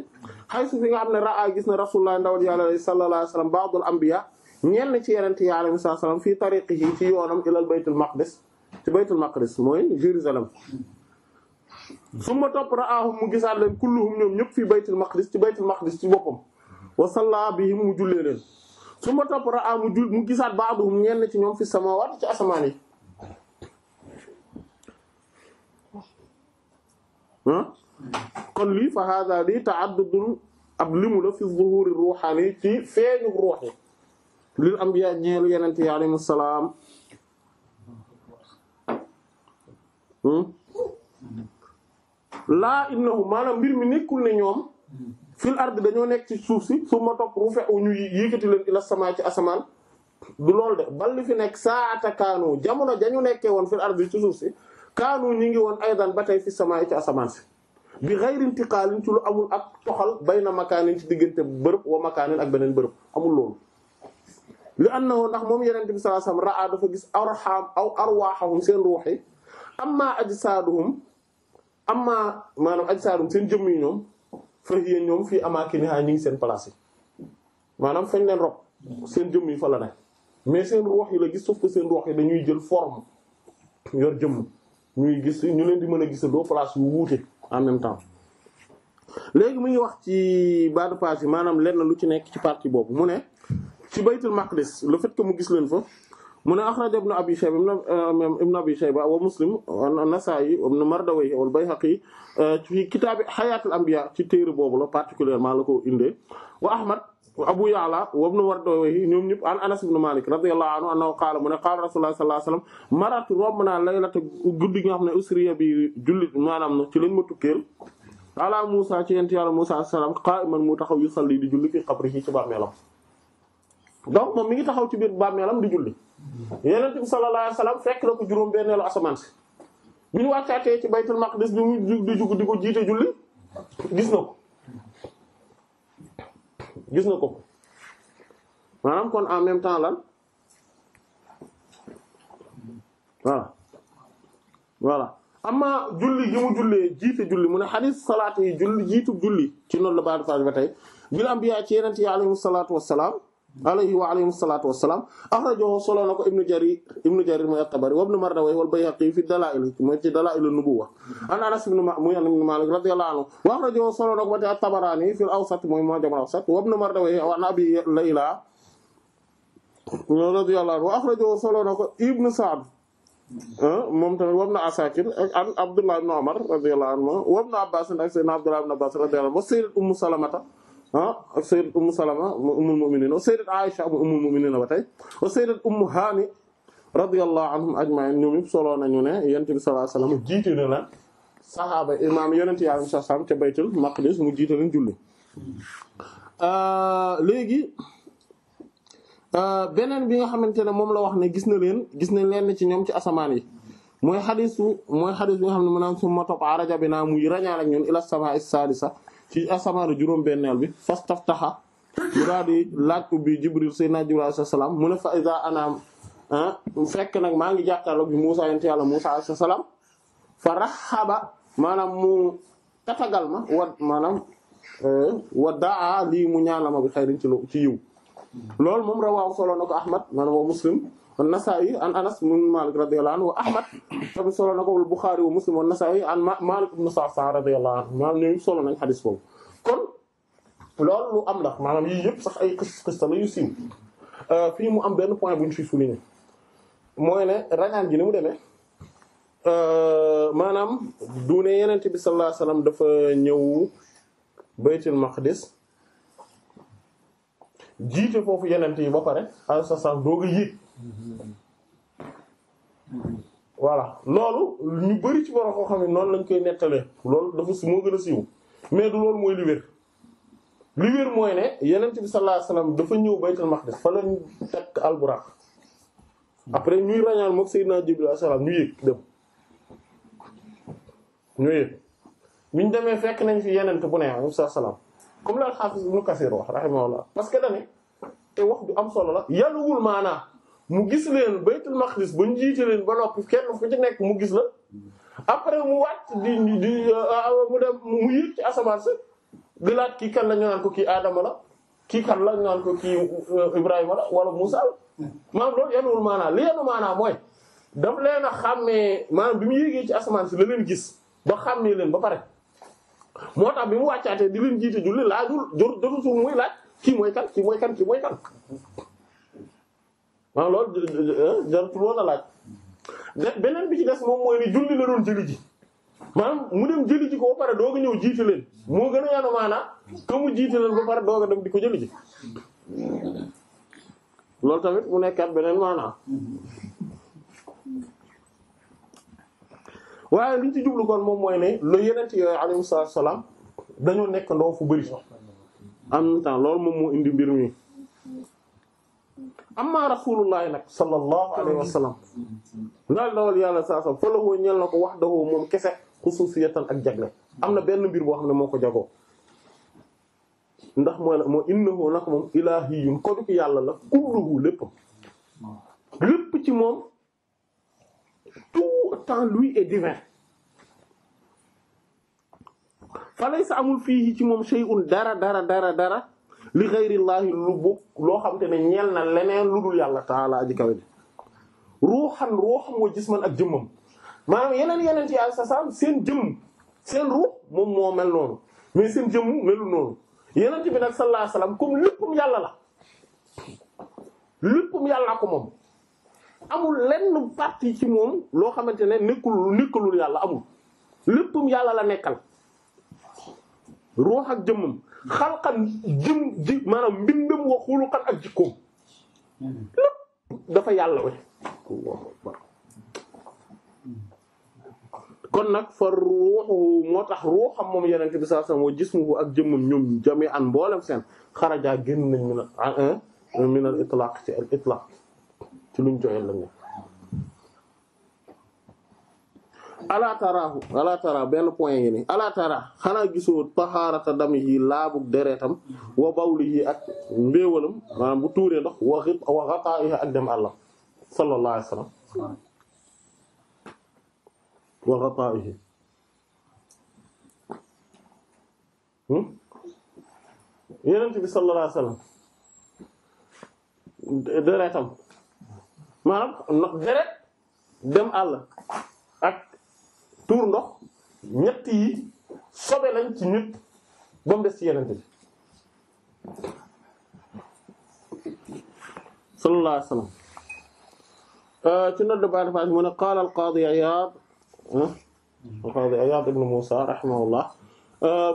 xay su fi nga xam ne raa gis na rasulullah ndawal yàlla sallallahu alayhi wasallam ba'dul anbiya ñenn ci yeneen yi alayhi salaam fii tariqihi ci yoonam ilal baytul maqdis ci baytul maqdis mooy Jérusalem summa topp raahum mu gisaat leen kulluhum ñoom ñëpp fii baytul maqdis ci baytul maqdis ci boppam wa salla bihim mu jullee leen summa topp raahum mu gisaat ba'duhum ñenn ci ñoom fi samaawaat ci asamaan yi kon lii fa hada lii ta'addudun ab limu la fi zuhuri ruuxaani ci feeñu ruux yi lil ambiya ñeelu yenente yi alayhim salaam hmm? laa innahu maanaam mbir mi nekkul ne ñoom fil ard dañoo nekk ci suuf si su ma topp rufe u ñu yékkati leen ila sama ci asamaan du loolu de bal li fi nekk saata kaanu jamono jañu nekkee woon fil ard ci suuf si kaanu ñi ngi woon aydan ba tey fi samaay ci asamaan si bi xayri intiqaalin ci lu amul ak toxal bay na makaanin ci diggante bërëb wa makaanin ak beneen bërëb amul loolu li annahu ndax moom yeneen bi sallallahu alayhi wasallam ra'a dafa gis arham aw arwaaxahum seen ruux yi amma ajsaaduhum amma maanaam ajsaaduhum seen jëmm yi ñoom fa ñoom fii amaakinihaa ñi ngi seen place yi maanaam fañ leen rob seen jëmm yi fa la nekk mais seen ruux yi la gis sauf que seen ruux yi dañuy jël forme yor jëmm ñuy gis ñu leen di mën a gisandoo place yu wuute en même temps léegi mu ngi wax ci baadu paas yi maanaam lenn lu ci nekk ci partie boobu mu ne ci baytul maqdis le fait que mu gis leen fa mu ne axraja ibnu abi shayba ibnu euh, abi shayba wa muslim an-nasaa'i ibnu mardawayh wal bayhaqi euh, ci kitaabi xayaatul anbiya ci téere boobu la particulièrement la ko indee wa ahmad abu ya'la nu ibn wardawayh ñoom ñëpp an anas ibn malik radiyallahu anhu annahu qaala mu ne qaala rasulullah sallallahu alayhi wasallam maratu romb naa laylata guddi nga xam ne usriya bi jullit maanaam na ci lañ ma tukkeel ala musa ci yent yàlla musa alayhi salaam qa'iman mu taxaw yu salli di julli fi qabri ci bàmmeelam donc moom mi ngi taxaw ci biir bàmmeelam di julli yenent bi sallallahu alayhi wasallam fekk na ko juróom benneelu asamaan si bi ñu wàccaatee ci baytul maqdis di di jug di ko jiite julli gis na gis na ko maanaam kon en même lan voilà voilà amma julli gi mu jullee jiite julli mu ne xadis salaat yi julli jiitu julli ci noonu la baal ba tey bil anbiya ci yeneen yi alayhimu salaatu wassalaam alayhi wa alayhi salaatu wassalaam axrajahu solo na ko ibnu jarir ibnu jarir mooy at-tabari wa ibnu mardawayh wal bayhaqi fi dalaa'il mooy ci dalaa'il an-nubuwwa an anas ibn maalik radiyallahu anhu wa axrajahu solo na ko ba tey at-tabaraani fil awsat mooy mu'jam al-awsat wa ibnu mardawayh wa an abi layla radiyallahu anhu wa axrajahu solo na ko ibnu sa'd ah, moom tamit wa ibnu asakir ak abdullah ibn umar radiyallahu anhu wa ibnu abbaas ak sayyidina abdullah ibn abbaas radiyallahu anhu wa sayyidat ummu salamata ah ak sayyidat ummu salama ummul mu'minin sayyidat aisha ummul mu'minin ba tey ak sayyidat ummu hani radiyallahu anhum ajma'in ñoom yëpp solo nañu ne yonent na la saxaaba imaam yonent yàlla sallallahu ca baytul maqdis mu jiite leen julli ah, léegi ah, beneen bi nga xamante ne moom la wax ne gis na leen gis nañ leen ci ñoom ci asamaan yi mooy xadisu mooy xadis bi nga xam ne mu naan suma topp araja bi naa muy rañaan a ñun ila sama is sadisa ci asamaanu juróom-benneel bi fastaftaha mu daal di laaj ubbi Jibril Seydina Jibril sa salaam mu ne fa iza ana ah, fekk nag maa ngi jàkkaarloog bi Musaa yonent Yàlla Musaa alayhi salaam fa raxaba maanaam mu tatagal ma wa maanaam eh, wa daa lii mu ñaanal ma bi xayrin ci ci yiw loolu moom rawaw solo na ko Ahmad maanaam wa Muslim النسائي عن انس بن مالك رضي الله عنه واحمد تبي صلى نقول البخاري ومسلم والنسائي عن مالك بن صعصعه رضي الله عنه ما نيم صلى نك حديث فوق كون لول لو ام لا مانام ييب صح اي قصص قصص لا يسيم ا آه، في مو ام بن بوين بن في سولينه موي نه رانان جي نمو ديمه آه، ا مانام دوني يننتي بي صلى الله عليه وسلم دا فا نيو بيت المقدس جيت فوفو يننتي با بار ا صصا دوغ ييب voilà loolu ñu bari ci borom koo xam ne noonu lañ koy nettalee loolu dafa si moo gën a siiw mais du loolu mooy li wér li mooy ne yonent bi sallallahu dafa ñëw baytul maqdis fa lañ takk alburaq après ñuy ràññaan mook Seydina Jibril alayhi salaam ñu yéeg dem ñu yéeg biñ demee fekk nañ fi yonent bu ne moom sallallahu alayhi comme la al-Hafiz Ibn Kathir wax rahimahullah parce que dañu te wax du am solo la yaluwul maanaa mu gis leen baytul maqdis ba ñu jiite leen ba noppi kenn fu ci nekk mu gis la après mu wàcc di di ah, ah, mu dem ci asamaan si di laaj kii kan la ñu ko kii Adama la kii kan la ñu naan ko kii euh, Ibrahima la wala Moussa la maanaam loolu yenuwul maanaam li yenu maanaam mooy daf leen a xàmmee maanaam bi mu yéegee ci asamaan si la leen gis ba xàmmee leen ba pare moo tax bi mu wàccaatee di leen jiite julli laajul jor jotul suuf muy laaj kii mooy kan kii mooy kan kii mooy kan waaw loolu jaratul woon a laaj beneen bi ci des moom mooy ni julli la doon jëli ji maanaam mu dem jëli ko ba pare doog a ñëw jiite leen moo gën a yaanu maanaa que mu jiite ba pare doog a dem di ko jëli ji tamit mu nekkaat beneen maanaa waaye liñ ci jublu kon moom mooy ne lu yeneen ci yooyu alayhi salaam dañoo nekk ndaw fu bëri en temps loolu moom moo indi mbir mi. amma rasulullahi nag sallallahu alayhi wa sallam ndaal dawal yàlla saa sa fa lawoo ñel na ko wax dawoo moom kese xususiyatan ak jagle am na benn mbir boo xam ne moo ko jagoo ndax mooy la moo innahu nag moom ilaahiyun koduk yàlla la kulluhu lépp lépp ci moom tout temps lui est divin falaysa amul fii ci moom shay'un dara dara dara dara li xayrillaahi lu bokk loo xam te ne ñeel na leneen lu dul yàlla taala aji kawe ji ruuxan ruuxam wa jisman ak jëmmam maanaam yeneen yeneen ci yàlla sa sam seen jëmm seen ruux moom moo mel noonu mais seen jëmm melu noonu yeneen bi nag sallallahu alayhi wasallam comme léppam yàlla la léppam yàlla ko moom amul lenn partie ci moom loo xamante ne nekkul nekkalul yàlla amul léppam yàlla la nekkal ruux ak jëmmam xalqan jëm ji maanaam mbindam wa xuluqan ak jikkoom lépp dafa yàlla we kon nag fa ruuxu moo tax ruuxam moom yenente bi sallallahu alayhi wasallam wa jismuhu ak jëmmam ñoom jami an mboolem seen xarajaa génn nañ min al ah, min al itlaq ci al itlaq ci luñ joxe lañ ne alaa taraahu alaa tara benn xanaa gisoo taxaarata dam laabug deretam wa bawli yi ak mbéewalam maanaam bu tuuree ndox wa wa xataa yi ak dem àllam sallallahu alayhi wasallam wa xataa hmm? yi yenent bi sallallahu alayhi deretam maanaam deret dem àll tuur ndox ñett yi sobe lañ ci nit ba mu des ci yenente bi sallallahu alayhi wa sallam ci nodd bàyyi dafa mu ne qaala al qaadi Iyaad al qaadi Iyaad ibn Muusaa rahimahullah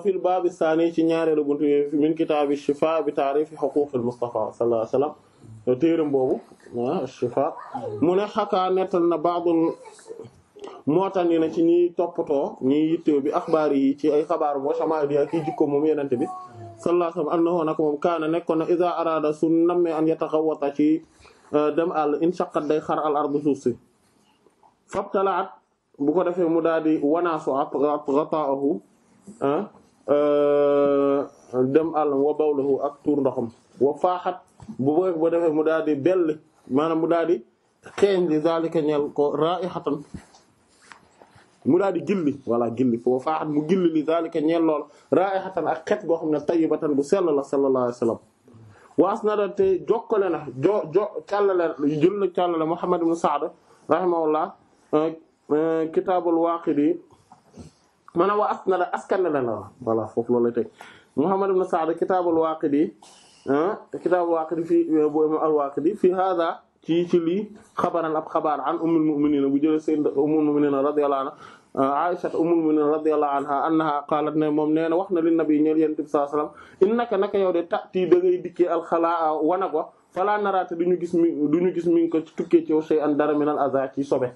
fi l baab saani ci ñaareelu buntu min kitaabi shifaa bi taarifi xuquuqi al Mustafaa sallallahu alayhi wa sallam téeram boobu ah shifaa mu ne xakaa nettal na baadul moo tax ni na ci ñiy toppatoo ñiy yittee bi axbaar yi ci ay xabaar boo samaadi ak i jikko moom yenente bi sallallahu alayhi wa ko annahu kaana nekkoon na iza arada su nammee an yataxawata ci euh, dem àll inshaqat day xar al ardu suuf si fabtalaat bu ko defee mu daal di wanaasu ak gataahu ah, euh, dem àll wa bawlahu ak tuur ndoxam wa faaxat bu ko defee mu daal di bell maanaam mu daal di li zalika ñeel ko raihatan mu daal di gilli walla gilli foofa mu gilli li zalika ñeel lool raihatan ak xet go xam tayyibatan bu sel la sallallahu alayhi wasallam wasna da te jokkale na jo jo càllale jël na càllale Muhammad ibn Sa'd rahimahullah kitabul waqidi maanaam wa asna la da askanle la wala voilà foofu loolu teg Muhammad ibn Sa'd kitabul waqidi kitabul waqidi fi bu al waqidi fi hada ci ci li xabaran ab khabar an ummul mu'minin bu jeul sayyidat ummul mu'minin radiyallahu anha Aisha ummul mu'minin radiyallahu anha annaha qalat ne mom neena waxna wax na li nabi ñeel yonent sallallahu innaka naka yow de taati da ngay dikki al wana ko falaa naraate du ñu gis duñu gis min ko ci tukke ci yow an dara min al aza ci sobe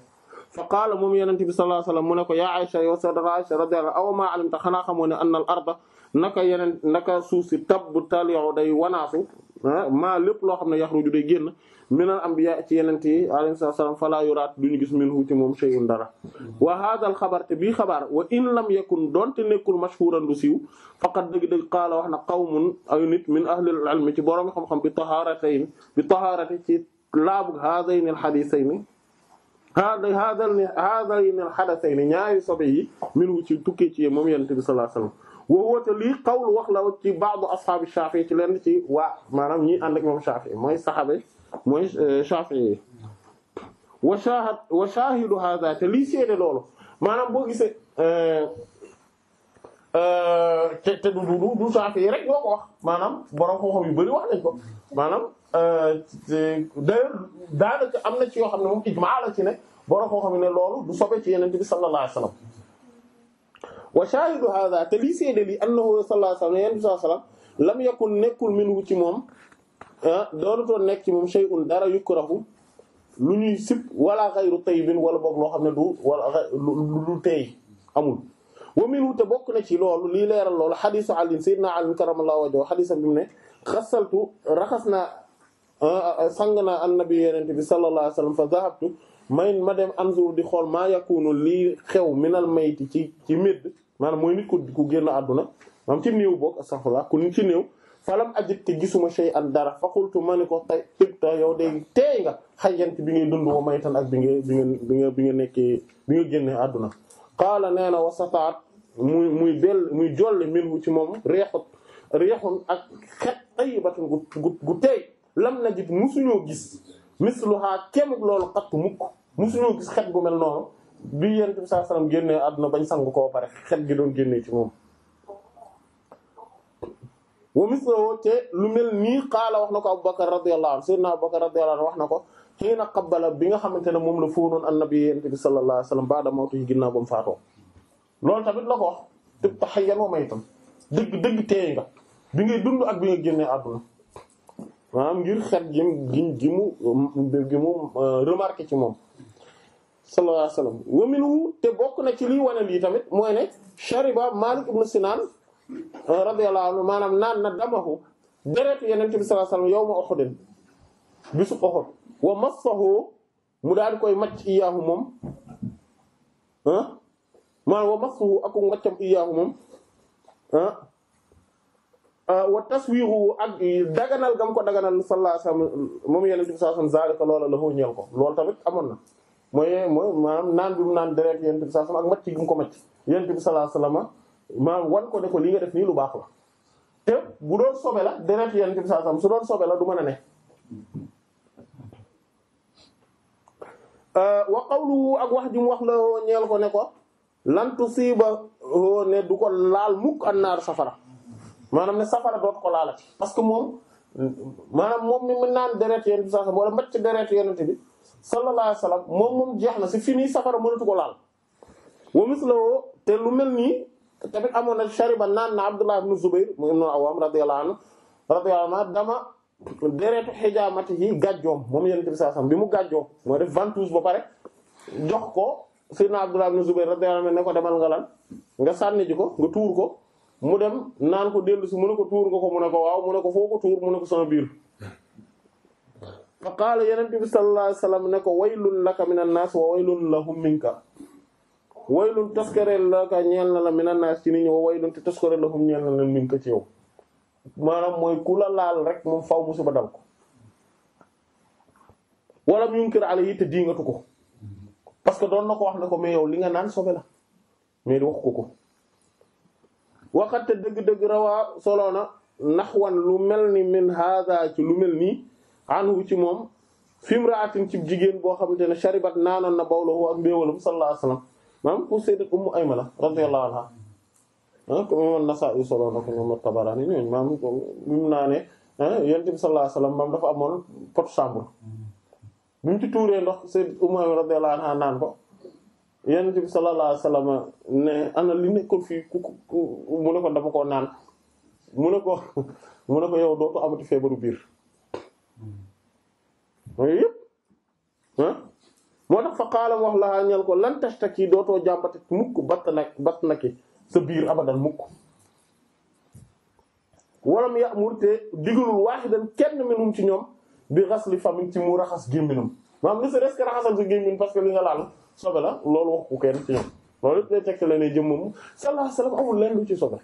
fa qala mom yentib bi sallallahu alayhi wasallam mu ne Aisha yow sa dara Aisha radiyallahu aw ma alimta xanaa xamoo ne al arda naka yeneen naka suuf tabbu talio day wanaasu ma lépp lo xamne ne yaxruju day génn min al anbiya ci yenente yi alayhi salaam falaa yuraat duñu gis minhu ci mom shay'un dara wa hadha al khabar bi khabar wa in lam yakun donte nekul mashhuran du siw faqad deug deug qala waxna qawmun ay nit min ahli al ilm ci borom xam-xam bi taharatayn bi taharati ci lab hadhayn al hadithayn hadiisayni haada haadayni al hadathayn nyaay sobe yi minhu ci tukki ci mom yenenti sallallahu alayhi wasallam woo te li qawl wax la ci ba'du ashaabi Shaafi'i ci len ci wa manam ñi ànd ak mom Shaafi'i moy sahabe moy Shaafi'i wa shaahid wa shaahidu haadha te lii seede loolu maanaam boo euh te te du du du Shaafi'i rek boko wax manam borom xam-xam yu bari wax nañ ko manam euh daanaka am ci yoo xam ne moom la ci ne borom xam-xam ne loolu du sobe ci Yonent bi alayhi wasallam wa shaahidu haadha te lii seede lii annahu sallallahu alayhi wa sallam lam yakun nekkul minhu ci moom ah doonutoon nekk ci moom shay'un dara yukrahu lu ñuy sib wala ghayru tayyibin wala boog loo xam ne du wala lu tey amul. wa minhu te bokk na ci loolu lii leeral loolu xadiisu Ali sayyidina Ali karamallahu wajhahu xadiisam bi mu ne xasaltu raxas naa ah, ah, sang naa annabi yonent bi sallallahu alayhi wa sallam fa zahabtu may ma dem anzur di xool maa yakunu lii xew minal mayti ci ci mbir. maanaam mooy nit ku ku génn àdduna maam ci néew boog astaghfirullah ku nit ci néew falam ajit te gisuma sey an dara faqultu ma ni ko tay yow de teey nga xayyant bi ngay dund wa maytan ak bi nga bi nga bi nga bi nga nekkee bi nga génnee àdduna qaala nee na wasataat muy muy bell muy jolle minhu ci moom reexut reexun ak xet tayibatun gu gu teey lam najit musuñoo gis misluha kemuk loolu xattu mukk musuñoo gis xet gu mel noonu bi yonent bi sallallahu alayhi àdduna bañ sangu koo pare xet gi doon génnee ci moom wa mislahu te lu mel nii xaala wax na ko Abubakar radiyallahu anhu sayyidina Abubakar radiyallahu anhu wax na ko xab bala bi nga xamante ne moom la fóonoon annabi yonent bi sallallahu alayhi wasallam ba'da mawtu yi ginnaaw faatoo loolu tamit la ko wax tëb tahayyan wa maytan dëgg dëgg teey nga bi ngay dund ak bi nga génnee àdduna maanaam ngir xet gi gi mu gi euh, ci moom sallallahu alayhi te bokk na ci liy wane lii tamit mooy ne shariba Malik ibn Sinan euh, radiyallahu anhu maanaam naan na damahu deretu yenente bi sallallahu alayhi wasallam yawma Uhud bisu Uhud wa massahu mu daal di koy mac iyaahu moom ah maanaam wa massahu aku maccam iyaahu moom ah wa taswiru ak daganal gam ko daganal sallallahu alayhi wasallam moom yenente bi sallallahu alayhi wasallam loola la ñeel ko loolu tamit amoon na mooy mooy maanaam naan bi mu naan deret yent bi sallallahu alayhi ak macc gi mu ko macc yent bi sallallahu alayhi wasallam wan ko ne li nga def nii lu baax la te bu doon sobe la deret yent bi sallallahu alayhi wasallam su doon sobe la du mën a euh, mu wax la ñeel ko ko lan tusiba ne du ko laal safara maanaam ne safara doot parce que mu naan deret yent bi sallallahu alayhi bi sallallahu alayhi wa sallam moom moom jeex na c'est fini safara mënatu ko laal wa misloo te lu mel nii tamit amoon na shariba naan na Abdullah ibn Zubayr mu ibn Awwam radiyallahu anhu radiyallahu anhu dama deretu xijaamati yi gàjjoom moom yonent bi sallallahu bi mu gàjjoom mooy def ventouse ba pare jox ko sayyidina Abdullah ibn Zubayr radiyallahu anhu ne ko demal nga lan nga sànni ko nga tuur ko mu dem naan ko dellu si mu ne ko tuur nga ko mu ne ko waaw mu ne ko foo mu ko sama biir fa qaala yenente bi sallallahu alayhi ne ko waylun laka minan nas wa waylun lahum minka waylun taskare la minan nas ci nit ñi wa waylun ñeel na la minka ci yow maanaam mooy ku la laal rek moom faw musiba dal que doon na ko li la mais di wax na naxwan lu mel ni min ci lu mel nii anhu ci moom fimraatin ci jigéen boo xamante ne sharibat naanoon na bawlahu ak mbéewalam sallallahu alayhi wasallam maanaam pour sayyidat ummu aymana radiyallahu anha ah comme moom Nasaa'i solo na ko ñoom Tabaraani ñooñu maam mu naa ne ah, yonent bi sallallahu alayhi wasallam maam dafa amoon pot chambre bi mu ci tuuree ndox sayyidat ummu aymana radiyallahu anha naan ko yonent bi sallallahu alayhi wasallam ne ana li nekkoon fii ku ku mu ne ko dama koo naan mu ne ko mu ne ko yow dootu amati feebaru biir. mooy ah, moo tax fa xaalam wax laa ñal ko lan tashtaki dootoo jàmbate mukk batt na batt na ki sa biir abadan mukk walam ya'mur te digalul waahidan kenn minum ci ñoom bi ghasli famin ci mu raxas gémminam maanaam li si reste raxasal sa gémmin parce li nga laal sobe la loolu wax ku kenn ci ñoom loolu it day teg la ne jëm moom sallallahu alayhi wasallam amul lenn ci sobe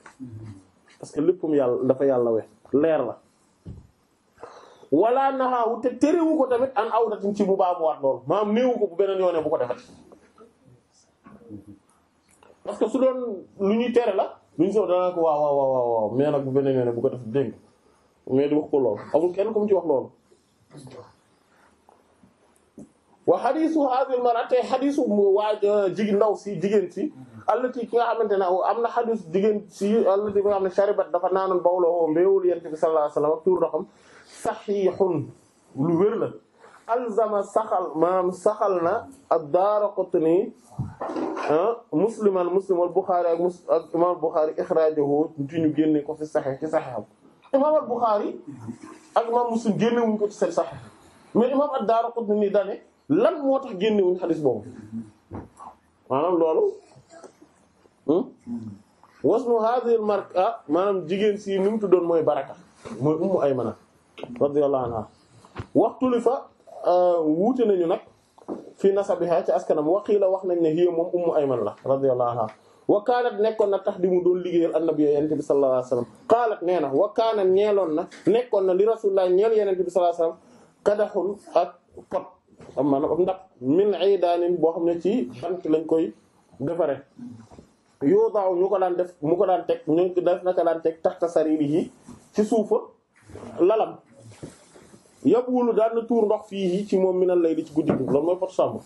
parce que léppam yàlla dafa yàlla we leer la wala naxaawu te terewu ko tamit an awdatin ci bu baabuwaat loolu maanaam néewu ko bu bu ko defet que su lu ñuy tere la lu ñu soo danaa ko waaw waaw waaw waaw mais bu beneen yoonee bu ko def dégg mais di wax ko loolu amul kenn ku mu ci wax loolu wa xadiisu haazil mara te xadiisu waa ndaw si jigéen si allati ki nga xamante ne am na xadiis jigéen si allati bi nga xam ne sharibat dafa naanoon bawloo mbéewul yent bi sallallahu alayhi wasallam ak tuur ndoxam صحيح لو ورنا الزم سخل ما سخلنا الدار قطني مسلم المسلم البخاري امام البخاري اخراجه نتي نيغني كو في صحيح في صحيح امام البخاري امام مسلم جيني ونكو في صحيح مي امام الدار قطني داني لان موتاخ جيني ون حديث بوم مانام لولو وزن هذه المركه مانام جيجن سي نمتو دون موي بركه موي امو ايمنه رضي الله عنها وقت لفا ووتي نانيو نا في نسبها تي اسكنم وخيل واخنا ني هي موم ام ايمن لا رضي الله عنها وكانت نيكون تخدم دون ليغيال النبي ينت صلى الله عليه وسلم قالت ننا وكان نيلون نا نيكون لي رسول الله نيل ينت بي صلى الله عليه وسلم قدحن اك بوت اما نك من عيدان بو خمني تي بانت لنجكاي دفر يوضع نوكو دان ديف موكو دان تك نك داف نك دان تك تحت سريره ci soufa lalam yabulu daan tuur ndox fii ci moom mi na lay di ci guddi gi loolu mooy pot sàmm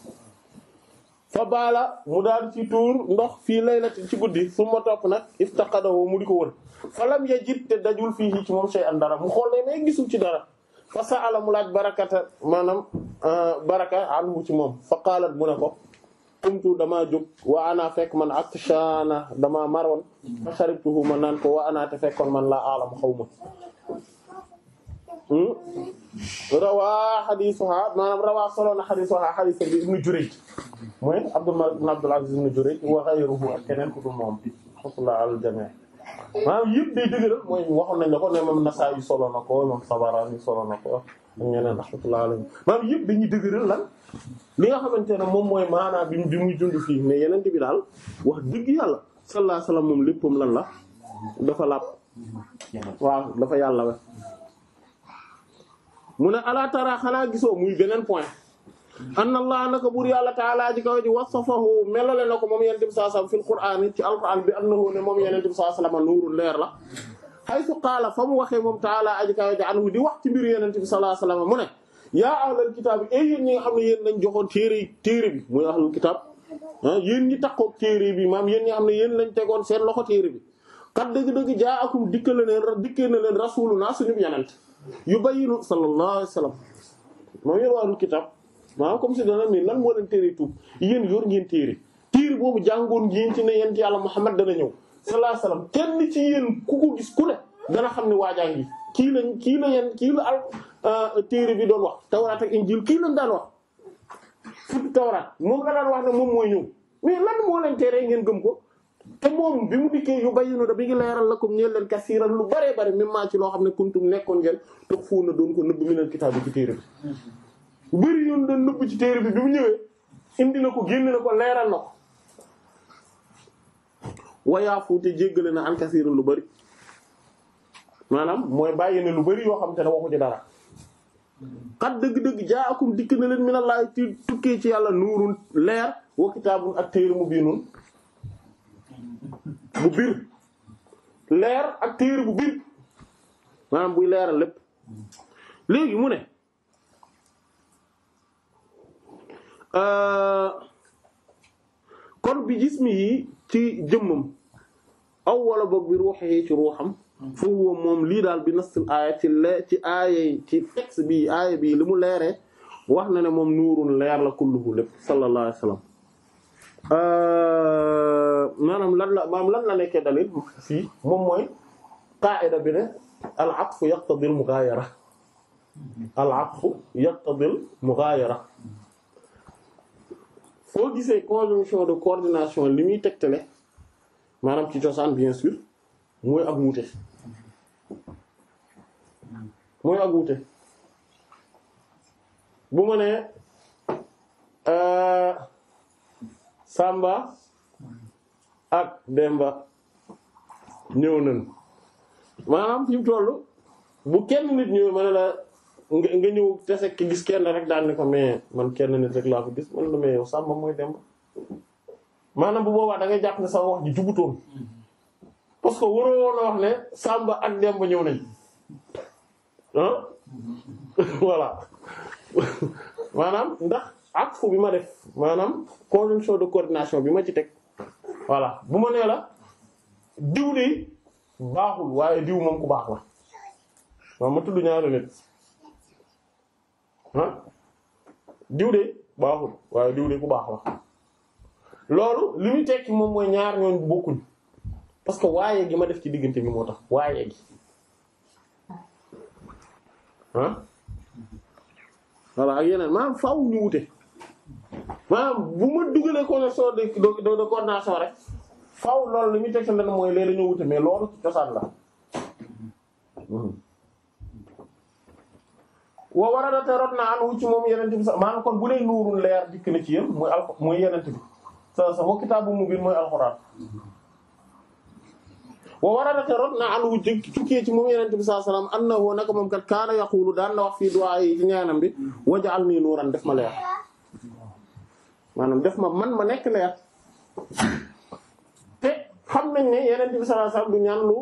fa baala mu daal ci tuur ndox fii lay na ci guddi su ma topp nag iftaqadahu mu di ko wër fa lam yajid te dajul fii ci moom shay'an dara mu xool ne ne gisul ci dara fa sa'ala mu laaj barakata maanaam euh, baraka anhu ci moom fa qaalat mu ne ko qumtu dama jóg wa ana fekk man aktshana dama maroon fa sharibtuhu ma naan ko wa ana te fekkoon man la a'lamu xawma Hmm? rawaa xadiisuha maanaam rawaa solo na xadiisuha xadiis bi ibnu Jurayj mooy Abdul ma ibn Abdul Aziz ibnu Jurayj wa ghayruhu ak keneen ku moom rahmatullah alal jamii maanaam yëpp day dëgëral mooy waxoon nañ la ko ne moom Nasaa'i solo na ko moom Sabaraani solo na ko ak ñeneen rahmatullah alayhi maanaam yëpp dañuy dëgëral nga xamante ne moom mooy maanaam bi bi muy dund fii mais yeneen bi daal wax dëgg yàlla salaa alayhi moom léppam lan la dafa laab waaw dafa yàlla we mu ne alaa tara xanaa gisoo muy beneen point anna allah naka buur yàlla taalaa ji kaw ji wasafahu melale na ko moom yenente bi saa sallam fil qur'aan ci alqur'aan bi annahu ne moom yenente bi saa sallam nuurul leer la haythu qaala fa mu waxee moom taalaa aji kaw ji anhu di wax ci mbir yenente bi sallallahu alayhi wasallam mu ne yaa ahlal kitaab yi ay yéen ñi nga ne yéen lañ joxoon téere téere bi muy ahlul kitaab ah yéen ñi takkoog téere bi maam yéen ñi xam ne yéen lañ tegoon seen loxo téere bi kat dëgg-dëgg jaa akum dikkale leen dikkee na leen rasuluna suñu yenent yu bayyinu sallallahu alayhi wa sallam moom wa waa kitaab maanaam comme si dana ni lan moo leen téere tuub yéen yor ngeen téere téere boobu jàngoon ngeen ci ne yent yàlla Muhammad dana ñëw sallallahu alayhi wa sallam kenn ci yéen ku ko gis ku ne dana xam ne waajaa ngi kii lañ kii la kii la al euh, téere bi doon wax tawraat ak injil kii lañ daan wax fu tawraat moom la daan wax ne moom mooy ñëw mais lan moo leen ngeen gëm ko te moom bi mu dikkee yu bayyinu da bi ngi leeral lakum ñeel leen kasiiran lu baree bare mi maa ci loo xam ne kuntum nekkoon ngeen toog fuuna doon ko nëbb mi neen kitaab bi ci téere bi mm-hmm. bëri yoon doon nëbb ci bi bi mu ñëwee indi na ko génn na ko leeral na ko wayaafu te jéggale na an kasiiran lu bari maanaam mooy bàyyi ne lu bari yoo xam te ne waxu ci dara xat mm-hmm. dëgg-dëgg jaa akum dikk na leen minallaahi ci tukkee ci yàlla nuurun leer wa kitaabun ak téere mu biinun bu biir leer ak téere bu biir maanaam buy leeral lépp léegi mu ne euh, kon bi gis ci jëmmam aw wala boog bi ruux yi ci ruuxam fu woo moom lii daal bi nastul aaya ci le ci aaya bi aaya bi lu mu leere wax na ne moom nuurun leer la kulluhu lépp sallallahu alayhi Euh, maanaam lan la maanaam lan la nekkee dalil fii moom mooy qaa'ida bi ne al atfu yaqtadil mughaayara al atfu yaqtadil mughaayara foo gisee conjonction de coordination li muy tegtale maanaam ci cosaan bien sûr mooy ak wuute mooy ak bu ma nee euh, Samba ak Demba ñëw nañ maanaam fi mu bu kenn nit ñëw ma ne la nga ñëw tese ki gis kenn rek daal ne ko mais man kenn nit rek laa fi gis man la mais yow Samba mooy Demba maanaam bu boobaa da ngay jàpp ne sama wax ji jubutoon parce que waroo woon ne Samba ak Demba ñëw nañ ah voilà maanaam ndax. ak fu bi ma def maanaam conjonction de coordination bi ma ci teg voilà bu ma nee la diw de baaxul waaye diw moom ku baax la waaw ma tudd ñaari waaye diw de ku loolu li ñu tekki moom mooy ñaar ñooñ bokkuñ parce que waaye gi ma def ci diggante bi moo tax waaye gi ah voilà ak yeneen maanaam faaw ñu wute maanaam bu ma dugalee connexion de de de rek faaw lool li muy teg sa mooy léeg dañoo wute mais loolu ci cosaan la. wa war a doon te rot naa ànd ci moom yeneen bi sax kon bu dee nuurul leer dikk na ci yéen mooy al bi sa sa wa kitaabu mubiin a doon moom yeneen bi sax salaam annahu na wax fii du'a yi ci ñaanam bi waj'alnii nuuran def ma leer. manam def ma man ma nekk leer te xam nañ ne yeneen bi sallallahu alayhi wasallam du ñaan lu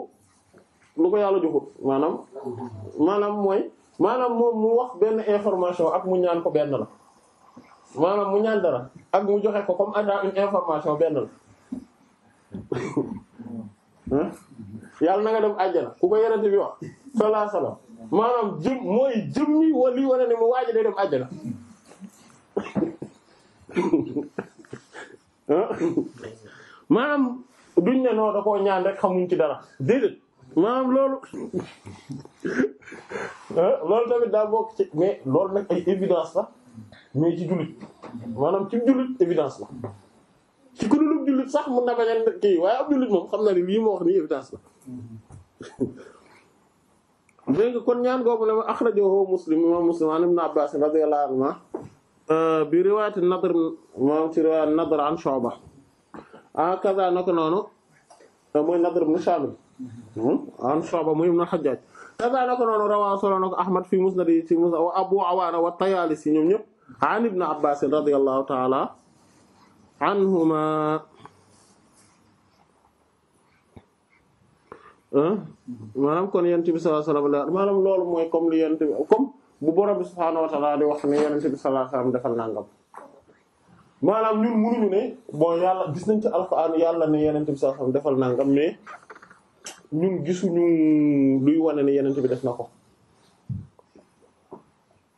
lu ko yàlla joxut maanaam maanaam mooy maanaam moom mu wax benn information ak mu ñaan ko benn la maanaam mu ñaan dara ak mu joxe ko comme ada une information benn la yàlla na nga dem àjjana ku ko yeneen bi wax sallallahu alayhi wasallam maanaam jëm mooy jëm ni wala ne mu waaji day dem àjjana maanaam duñ ne noo da koo ñaan rek xamuñ ci dara déedéet maanaam loolu eh, loolu tamit daa bokk ci mais loolu nag ay évidence la mais ci jullit maanaam ci jullit évidence la ci ku dul jullit sax mun na bañ a kii waaye ab jullit moom xam na ne lii moo wax ni évidence la dégg kon ñaan googu ne ma akhrajahu muslim imam muslim an ibn abbas radiyallahu anhu bi riwayat برواية النضر moom ci an nadr an Shu'ba ah kaza naka noonu mooy nadr ibn an Shu'ba moy ibn hajjaj kaza naka noonu rawa solo nag Ahmad fi musnad yi ci musnad wa Abu awana wa Tayaalisi ñom ñep an ibn abbas radiyallahu ta'ala anhuma manam kon yentibi sallallahu alayhi wa sallam maanaam loolu mooy comme li yentibi comme bu borom bi subhaanahu wa ta'aala di wax ne yonent bi sallallahu alayhi wasallam defal maanaam ñun mënuñu ne bon yàlla gis nañ ci alxuraan yàlla ne yonent bi sallallahu alayhi wasallam nangam mais ñun gisuñu luy wane bi def na ko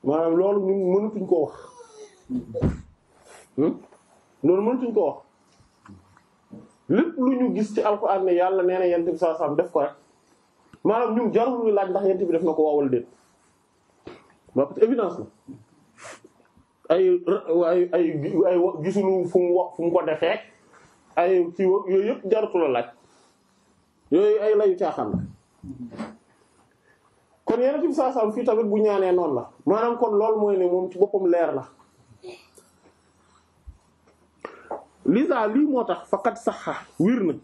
maanaam loolu ñun mënatuñ wax hmm? loolu mënatuñ koo wax lépp ñu gis ci alxuraan ne yàlla nee na yonent bi def ko rek maanaam ñun jarul ñu laaj ndax yonent bi def na ko waaw walla waaw parce que évidence la ay gisulu fu ko defee ay ci yooyu yëpp jaratu la laaj yooyu ay layu caaxaan la kon yeneen ci saa saa fii tamit bu ñaanee noonu la maanaam kon loolu mooy ne moom ci boppam leer la lisa lii moo tax faqat saxa wir na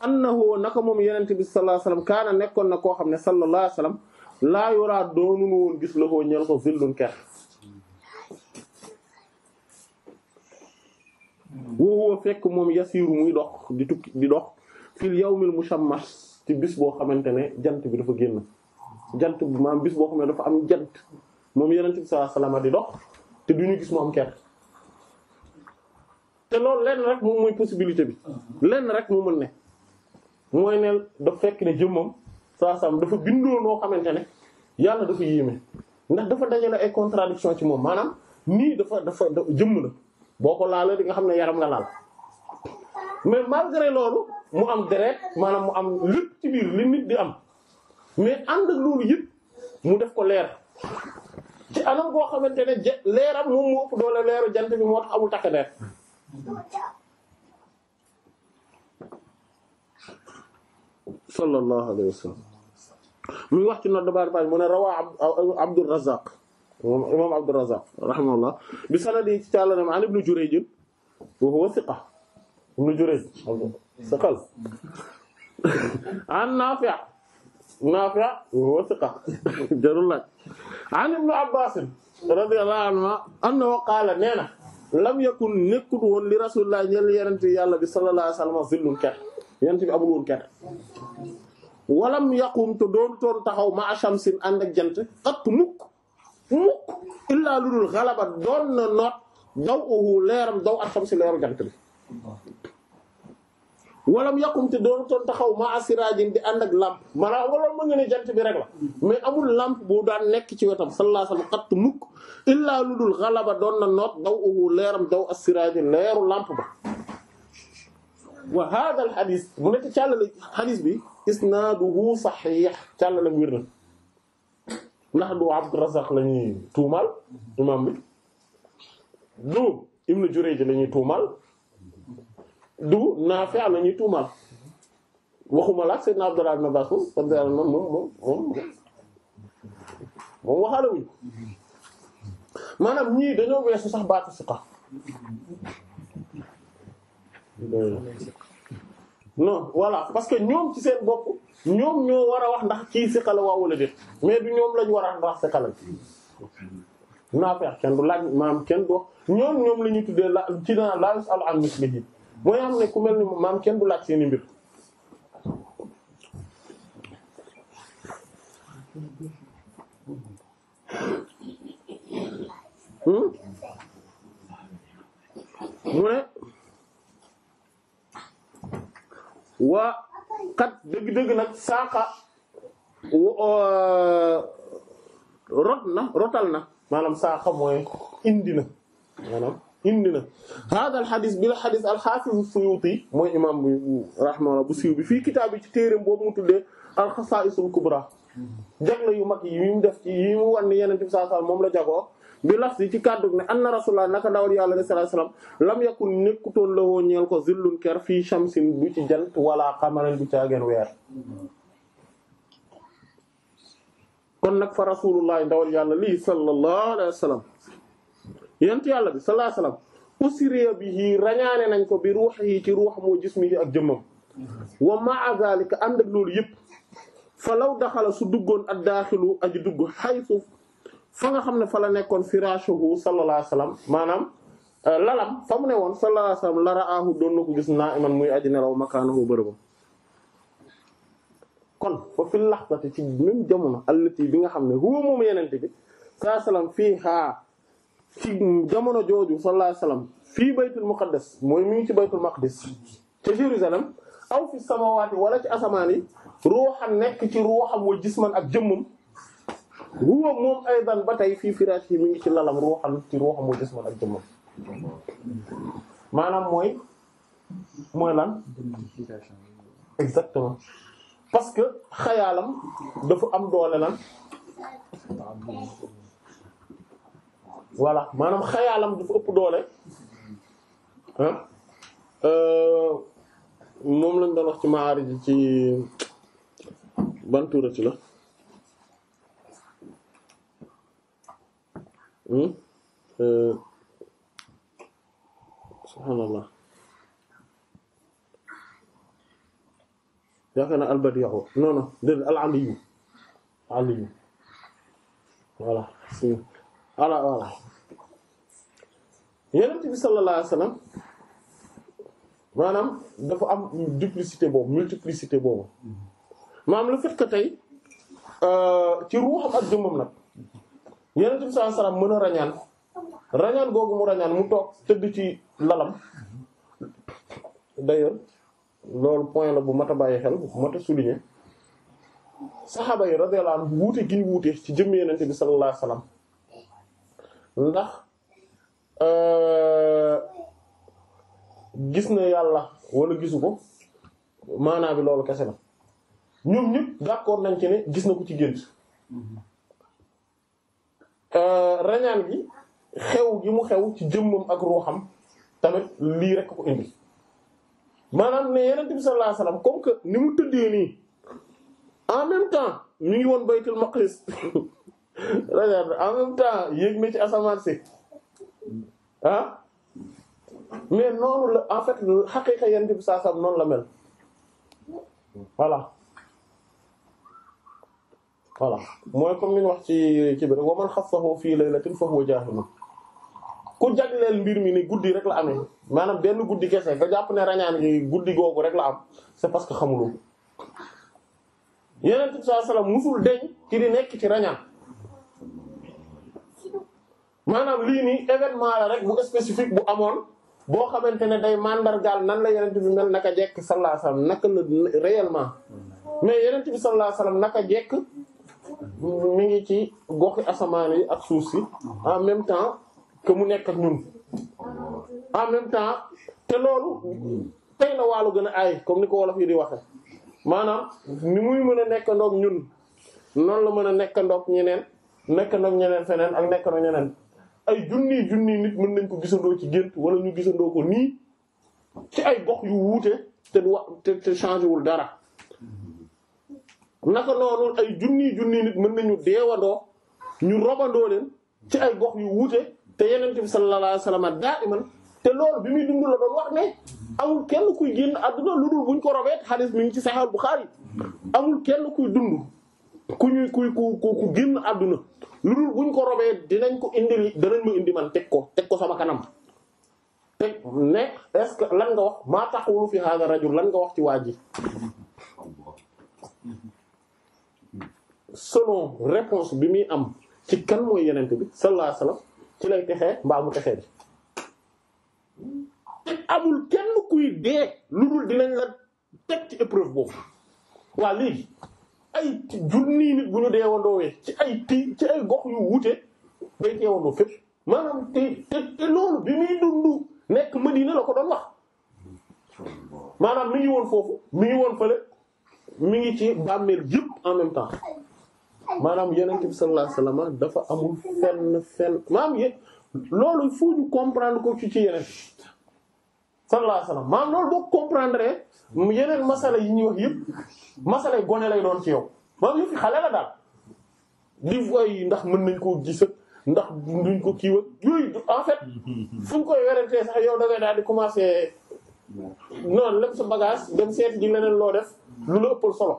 annahu naka moom yeneen bi sallallahu alayhi wasallam kaana nekkoon na koo xam ne sallallahu alayhi la yura donu won gis la ko ñal ko zillun ker wo fek mom yasir muy dox di tukki di dox fil yawmil mushammas ci bis bo xamantene ne jant bi dafa genn jant bi maam bis bo xam dafa am jant mom yaronte bi sallallahu alayhi wasallam di dox te duñu gis mu am ker te loolu lenn rek moom mooy possibilité bi lenn rek mu mën ne moy ne dafa fekk ne mom saa sam dafa bindoo noo xamante ne yàlla dafa yéeme ndax dafa dajale ay contradiction ci moom maanaam nii dafa dafa jëmm la boo ko laalee di nga xam ne yaram nga laal mais malgré loolu mu am deret maanaam mu am lépp ci biir li nit di am mais ànd ak loolu yëpp mu def ko leer ci anam goo xamante ne leeram moom moo ëpp doole leeru jant bi moo tax amul takk leer sallallahu alayhi muy wax ci nodd bari bari mu ne rawaa Abdur Razzaq moom imaam Abdur Razzaq rahimahullah bi sanadi ci càllanam an Ibnu Jurayj wa huwa thiqa Ibnu Jurayj thiqal an Naafi' Naafi' wa huwa thiqa jarul laaj an Ibnu Abbaas radiyallahu anhuma annahu qaala nee na lam yakun nekkut woon li Rasulullah ñel yenent yàlla bi sallallahu alayhi wa sallam zillun ker yenent bi amul woon ker walam yaqum te doon toon taxaw ma shamsin ànd ak jant xatt mukk mukk illaa lu dul xalaba doon na noot daw uhu leeram daw ak shamsi leeru jant bi walam yaqum te doon toon taxaw ma siraajin di ànd ak làmp maanaam waloolu ma nga ne jant bi rek la mais amul làmp bu daan nekk ci wetam sallallahu alayhi wasallam xatt mukk illaa lu dul xalaba doon na noot daw uhu leeram daw ak siraajin leeru làmp ba wa hadha al hadith bu nekk càllale hadith bi isnaaduhu saxiix càllaleem wér na ndax du Abdur Razzaq la ñuy tuumaal imaam bi du Ibn Jurayj la ñuy tuumaal du Naafi' la tuumaal waxuma la ak Seydina Abdullah ibn Abbas moom moom moom moom waxaale wuñ maanaam ñii dañoo weesu sax baatu siqa non voilà parce que ñoom ci seen bopp ñoom ñoo war a wax ndax ci siqa la waaw wala déet mais du ñoom lañ war a wax siqa la naa feex kenn du laaj maam kenn du wax ñoom ñoom la la ci dana laa ni laaj seeni mbir hmm? mu ne wa kat deug deug nak saqa rotna rotalna manam saqa moy indina manam indina na maanaam indi na hada al xadis bi la xadis alxaafiz suyuti moy imam rahmalahu bu siw bi fi kitab ci téeréem boobu mu tuddee al khasa'is al kubra jagle yu mak yi mu def ci yi mu wan ni yeneen ci saa mom la jago bi lax ci kaddu ne anna rasulullah naka ndawal yalla ne sallallahu alayhi wasallam lam yakun nekuton la woo ñeel ko zillun ker fi shamsin bu ci jant wala qamaran bu caageen wer kon nak fa rasulullah ndawal yalla li sallallahu alayhi wasallam yent yalla bi sallallahu alayhi wasallam usriya bihi rañane nañ ko bi ruhi ci ruh mo jismi ak jëmmam wa ma'a zalika ànd ak loolu fa law dakhala su duggon ad dakhilu aji dugg haythu fa nga xamne fa la nekkon firashuhu sallallahu alayhi wasallam manam lalam fa mu ne sallallahu alayhi wasallam la raahu doon ko gis naa iman muy adina raw makaanahu bërëbam kon fa fil laxtati ci même jamono allati bi nga xamne huwa mom yenente bi sallallahu alayhi wa sallam fii ci jamono joju sallallahu alayhi wasallam fi baytul muqaddas moy mi ngi ci baytul aw fi samawaati wala ci asamaan yi ruuxam nekk ci ruuxam wa jisman ak jëmmam huwa moom aydan ba tey fii firaash yi mi ngi ci lalam ruuxan ci ruuxam mu des man ak jëmmam maanaam mooy mooy lan exactement parce que xayaalam dafa am doole lan voilà maanaam xayaalam dafa ëpp doole euh, moom lañ doon wax ci maari ji ci ban la م? أه سبحان الله yaakaar naa albadiahu non non déedéet al aliyu aliyu voilà si ala voilà yenent bi sallallahu alayhi wasallam maanaam dafa am duplicité boobu multiplicité boobu maanaam le fait que tey ci ruuxam ak jëmmam nag yonent bi sallallahu alayhi mën a rañaan rañaan googu mu rañaan mu toog tëdd ci lalam d'ailleurs loolu point la bu mat a bàyyi xel bu mat a souligner saxaaba yi radiyallahu anhum wuute gi ci jëmm yonent bi sallallahu alayhi wasallam ndax euh, gis na yàlla wala gisu ko maanaa bi loolu kese la ñoom ñëpp d'accord nañ ci ne gis na ko ci gént Euh, rañaan gi xew gi mu xew ci jëmmam ak ruuxam tamit lii rek ko indi maanaam ne yeneen bi sallallahu comme que ni mu tëddee nii en même temps ñu ngi woon baytul maqdis rañaan en même temps yéeg na ci asamaan ah? mais noonu la en fait xaqiiqa yeneen bi sallallahu noonu la mel voilà wala moy comme ñu wax ci ci bi wa man khassahu fi laylatin fa huwa jahil ku jagleel mbir mi ni guddii rek la amé manam benn guddii kessé nga japp né rañaan gi guddii googu rek la am c'est parce que xamuloo yeneen bi sallallahu musul deñ ki di nekk ci rañaan manam li ni événement la rek bu spécifique bu amone bo xamantene day mandar gal nan la yeneen bi mel naka jek sallallahu alayhi wasallam naka réellement mais yeneen bi sallallahu alayhi wasallam naka jek mi ngi ci goxi asamaan yi ak suuf si en même temps que mu nekk ak ñun en même temps te loolu tey na wàllu gën a ay comme ni ko wolof yi di waxe maanaam ni muy mën a nekk ndoog ñun noonu la mën a nekk ndoog ñeneen nekk ndoog ñeneen feneen ak nekk ndoog ñeneen ay junni junni nit mën nañ ko gisandoo ci gént wala ñu gisandoo ko nii ci ay gox yu wuute te du wa te te changé wul dara naka noonu ay junni junni nit mën nañu deewandoo ñu robandoo leen ci ay gox yu wuute te yeneen bi sallallahu alayhi wasallam daa iman te lool bi muy dund la doon wax ne amul kenn kuy génn àdduna lu ko robee xadis mi ngi ci Sahih Bukhari amul kenn kuy dund ku ñuy kuy ku ku génn àdduna lu dul buñ ko robee dinañ ko indi danañ ma indi man teg ko teg ko sama kanam teg ne est que lan nga wax maa taqulu fi hadha rajul lan nga wax ci waa ji selon réponse bi muy am ci kan mooy yenent bi sallallahu alayhi ci lay texee mbaa mu texe bi te amul kenn kuy dee lu dul dinañ la teg ci épreuve boobu waa léegi ay junni nit bu ñu deewandoowee ci ay ti ci ay gox yu wuute day teewandoo fépp maanaam te te loolu bi muy dund nekk Madina la ko doon wax maanaam mi ngi woon foofu mu ngi woon fële mi ngi ci bàmmeel yëpp en même temps maanaam yonent bi sallallahu alayhi wasallam dafa amul fenn fenn maam yéen loolu foo ñu comprendre ko ci ci yeneen sallallahu alayhi wasallam maam loolu boo comprendre yeneen masala yi ñuy wax yëpp masala gone lay doon ci yow maam yëpp xale la daal di voy ndax mën nañ koo gis ndax duñ ko kii wak yooyu en fait fu ñu koy werantee sax yow da daal di commencer noonu lépp sa bagage dem seet di leneen loo def lu la ëppal solo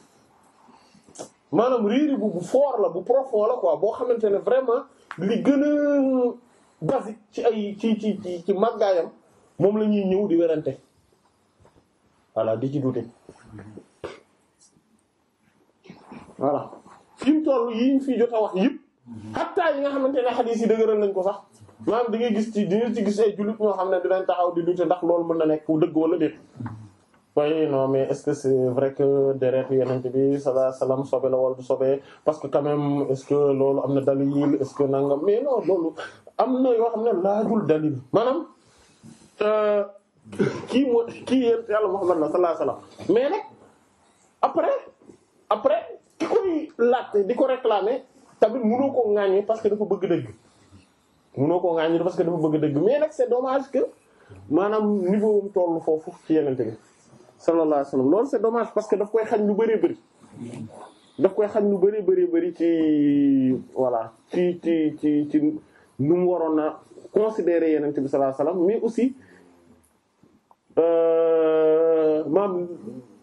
maanaam riiri bu bu fort la bu profond la quoi boo xamante ne vraiment li gën a basique ci ay ci ci ci ci màggaayam moom la ñuy ñëw di werante voilà di ci dute voilà fi mu toll yi ñu fi jot a wax yëpp xattaa yi nga xamante ne xadiis yi dëgëral nañ ko sax maanaam da ngay gis ci dina ci gis ay jullit ñoo xam ne dinañ taxaw di dute ndax loolu mën na nekk ku dëgg wala déet oui non mais est-ce que c'est vrai que deret Yonent bi sallallahu alayhi wa sallam sobe la wala du sobe parce que quand même est-ce que loolu am dalil est-ce que nangam mais non loolu am na yoo xam dalil maanaam kii moo kii Yonent Yàlla ya Muhammad la sallallahu alayhi wa sallam mais nag après après ki koy latte di ko réclamer tamit mënoo ko ŋaañee parce que dafa bëgg dëgg mënoo ko ŋaañee parce que dafa bëgg dëgg mais nag c'est dommage que maanaam niveau tollu foofu ci sallallahu alayhi wa sallam loolu c'est dommage parce que daf koy xañ lu bëree bëri daf koy xañ lu bëree bëri bëri ci voilà ci ci ci ci nu mu waroon a considérer yeneen bi sallallahu alayhi wa sallam mais aussi euh, maam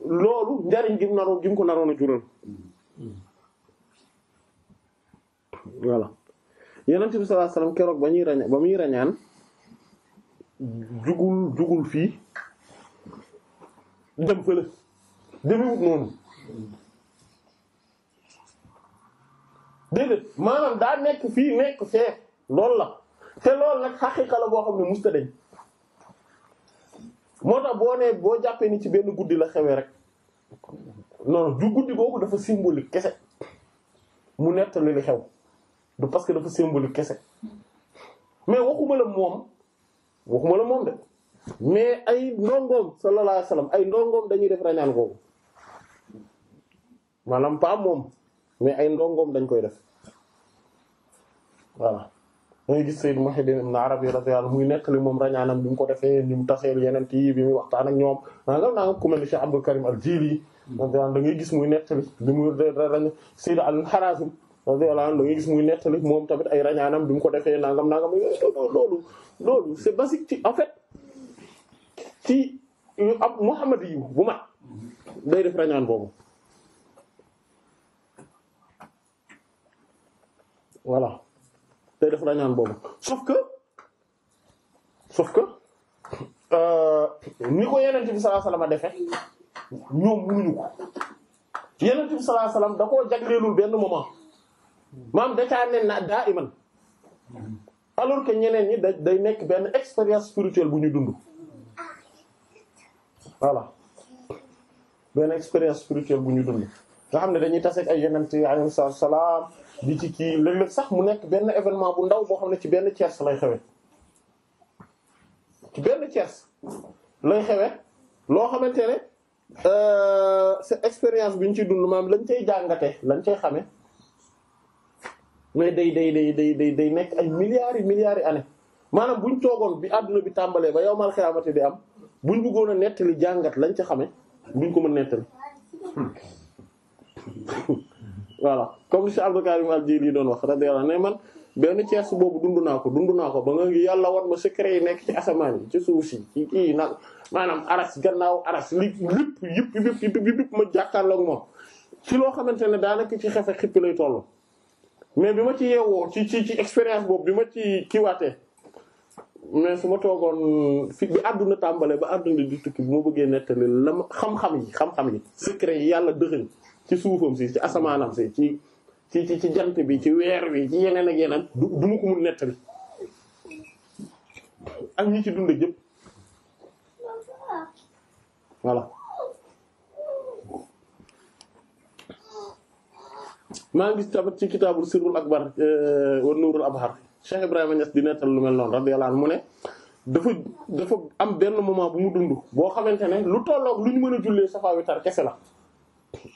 loolu njariñ gi mu naroon gi mu ko naroon a jural voilà yeneen bi sallallahu alayhi wa sallam keroog ba ñuy rañaan ba muy rañaan jugul jugul fii. dem fële demewut noonu déedéet maanaam daa nekk fii nekk fee loolu la te lool nag xaqiqa la boo xam ne musta dañ moo tax boo nee boo jàppee ni ci benn guddi la xewee rek noonu du guddi googu dafa symbolique kese mu nettali li xew du parce que dafa symbolique kese mais waxuma la moom waxuma la moom de mais ay ndongoom sallallahu alayhi wasallam ay ndongoom dañuy def rañaan googu maanaam moom mais ay ndongoom dañ koy def voilà dangay gis Sayyid Muhammad ibn Arabi radiyallahu muy nettali moom rañaanam bi mu ko defee ni mu taseel muy waxtaan ak ñoom nangam nangam ku mel ni Cheikh Abdul Karim al-Jili radiyallahu da ngay gis muy nettali bi muy rañ Sayyid al-Harazim radiyallahu da ngay gis muy nettali moom tamit ay rañaanam bi mu ko defee nangam nangam loolu loolu c'est basique ci en ci ab Muhammad yi bu mat day def rañaan boobu def rañaan boobu sauf que sauf que euh, ni ko yenent bi sallallahu alayhi a defe ñoom mënuñu ko yenent bi sallallahu alayhi wasallam da koo benn moment maam da caa ne daa iman alors que ñeneen ñi da day nekk benn expérience spirituelle bu ñu dund voilà benn expérience spirituelle bu ñu dund nga xam ne dañuy taseeg ay yenente alayhi salaam di ci kii léeg-léeg sax mu nekk benn événement bu ndaw boo xam ne ci benn tiers lay xewe ci benn tiers lay xewe loo xamante ne cette expérience bi ñu ci dund maam lañ cay jàngate lañ cay xame mais day day day day day day nekk ay milliards yi milliards yi années maanaam buñ toogoon bi àdduna bi tàmbalee ba yow mal xiyaamati di am buñ bëggoon a nettali jàngat lañ ca xame buñ ko mën nettali voilà comme si Abdou Karim al doon wax radiyallahu anhu ne man benn Cees boobu dund naa ko dund naa ko ba nga ngi yàlla wan ma secret yi nekk ci asamaan yi ci suuf si ci kii nag maanaam aras gannaaw aras li lépp yëpp yëpp yëpp yëpp moom ci loo xamante ne daanaka ci xefe xippi lay toll mais bi ma ci yeewoo ci ci ci expérience boobu bi ma ci kiiwaatee mais su ma toogoon fi bi àdduna tàmbale ba àdduna di tukki bu ma bëggee nettali la ma xam-xam yi xam yi yàlla dëxëñ ci suufam si ci asamaanam si ci ci ci jant bi ci weer bi ci yeneen ak yeneen du du ma ko mun nettali ak ñi ci dund yëpp voilà maa ngi gis tamit ci kitaabul sirrul akbar euh, wa nuurul abhar Cheikh Ibrahima Niass di nettal lu mel noonu radiyallahu anhu mu ne dafa dafa am benn moment bu mu dund boo xamante ne lu tolloog lu ñu mën a jullee safa witar kese la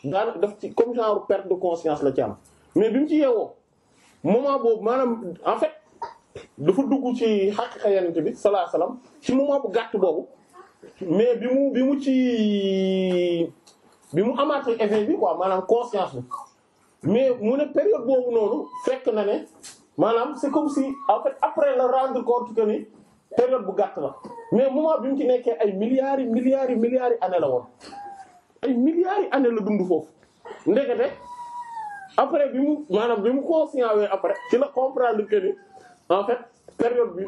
daanaka daf ci comme genre perte de conscience la ci am mais bi mu ci yeewoo moment boobu maanaam en fait dafa duggu ci xaqiqa yenente bi sallallahu alayhi wasallam ci moment bu gàtt boobu mais bi mu bi mu ci bi mu amaatee effet bi quoi maanaam conscience bi mais mu ne période boobu noonu fekk na ne maanaam c'est comme si après la rendre compte que ni période bu gàtt la mais moment bi mu ci nekkee ay milliards yi milliards yi milliards yi année la woon ay milliards année la dund foofu ndekete après bi mu maanaam bi mu conscient wee après ci la comprendre que en fait période bi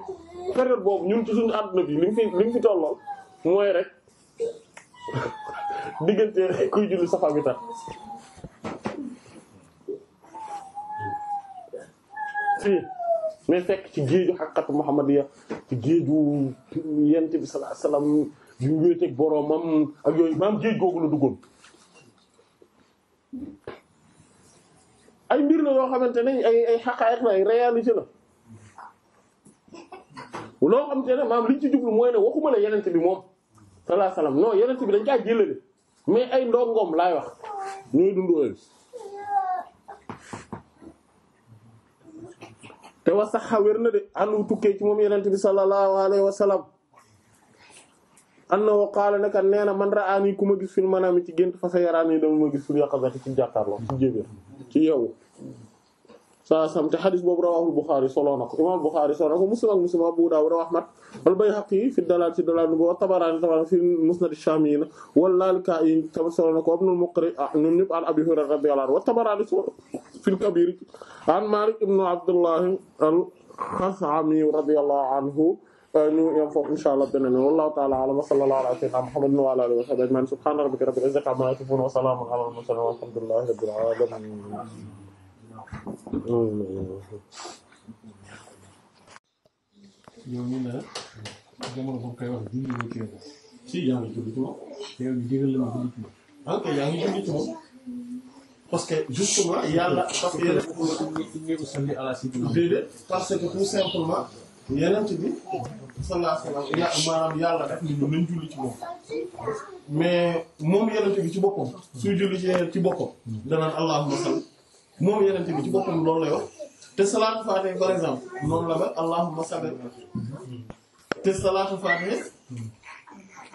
période boobu ñun ci suñu àdduna bi li mu fi li mu fi tollool mooy rek diggante rek kuy julli fii fekk ci géeju xaqatu muhammadiya ci géeju yent bi sallallahu alayhi wasallam yu wéeteeg boroomam ak yooyu maam géej googu la duggoon ay mbir la yoo xamante ne ay ay xaqaayiq la ay réalité la loo xam ne maam liñ ci jublu mooy ne waxuma la yenent bi moom sallallahu alayhi wasallam non yenent bi dañ kaa jëlale mais ay ndongoom laay wax ñooy dundoo te wax sax wér na de anu tukkee ci moom yenente bi sallallahu alayhi wa sallam anna wa qaala naka nee na man ra'aani ku ma gis fil manaami ci gént fa sa yaraani dama ma gis fil yaqazati ci jàkkaarloo ci jébéer ci yow sallallahu alayhi wa sallam te xadis boobu rawaahul Buxaari soloo na ko imaam Buxaari soloo na ko Muslim ak Muslim Abu Daawud wa Ahmad wal Bayhaqi fi dalalati dalal bu an-Nubuwwa fi Musnad ash-Shaamiyyiin wal Laalakaa'i tab solo na ibn al Muqri nun nib al Abi hurairah radiyallahu anhu wa Tabaraani fil Kabiir an malik ibn Abdullah al khasami radiyallahu anhu ñu yam foofu inshallah Allah beneen wallahu ta'ala ala sallallahu alayhi wa sallam Muhammadin wa ala alihi wa sahbihi ajma'in rabbil izzati amma yasifun wa salamun ala al-mursalin walhamdulillahi rabbil alamin yow ñu ne boobu koy wax julli wu ci yow. si yaa ngi julli moom. yow ah, yaa ngi julli moom. parce que justement yàlla parce que yeneen simplement yeneen bi sallallahu alayhi wa sallam maanaam yàlla def ni ñu nañ julli ci moom mais moom yeneen bi ci boppam suy julli ci ci boppam danaan allahumma salli moom yenente bi ci boppam loolu lay wax te salaatu faatiha par exemple moom la mel allahumma salli te salaatu faatiha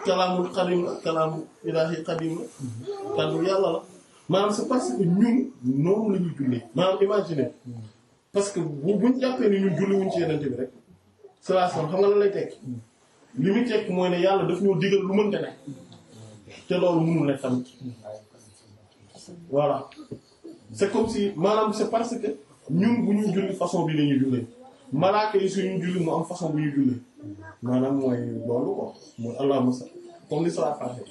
kalaamul xadim la kalaamu ilaahi xadim la kàddu yàlla la maanaam c'est parce que ñun noonu la ñuy jullee maanaam imaginer parce que bu buñ jàppee ni ñun julli wuñ ci yenente bi rek salaasam xam nga lan lay tekki li muy tekki mooy ne yàlla daf ñoo digal lu mënte ne te loolu mënul ne tamit voilà c'est comme si maanaam c'est parce que ñun bu ñuy julli façon bi la ñuy jullee malaaka yi suñuy julli mu am façon bu ñuy jullee maanaam mooy loolu quoi mooy allahumma salli comme li salaat fatiha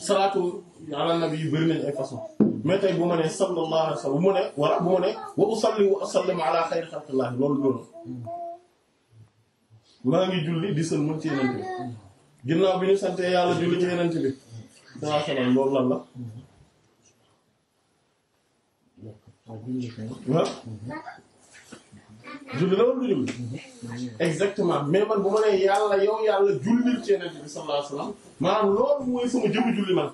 salaatu ala nabi bëri nañ ay façon mais bu ma nee sallallahu alayhi wa sallam bu ma nee wala bu ma nee wa usalli wa usallim ala xayri xalqillahi loolu loolu maa ngi julli di sëlmal ci yeneen bi ginnaaw bi ñu sante yàlla julli ci yeneen bi sallallahu alayhi wa la julli na wala du julli exactement mais man bu ma nee yàlla yow yàlla jullil ci yonent bi sallallahu alayhi wasallam maanaam loolu julli man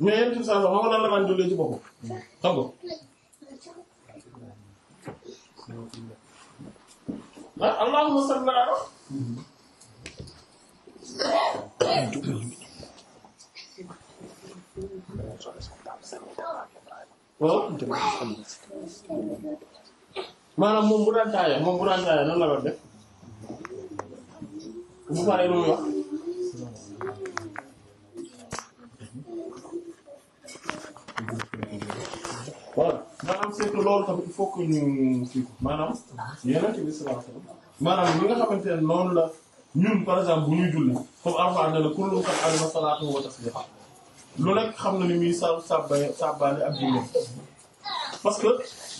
mais yonent bi sallallahu alayhi nan la daan jullee ci boppam xam nga ah allahumma salli ala waaw maanaam moom bu daan taaya moom bu daan taaya nan la war def bu paree lu muy wax voilà maanaam surtout loolu tamit il faut que ñu kii ko maanaam yeneen ci bis la maanaam li nga xamante ne noonu la ñun par exemple bu ñuy julli comme alxuraan la kullu qad alima salaatahu wa tasbiihahu lu nekk xam na ni muy sa sàbbaane sàbbaane ak julli parce que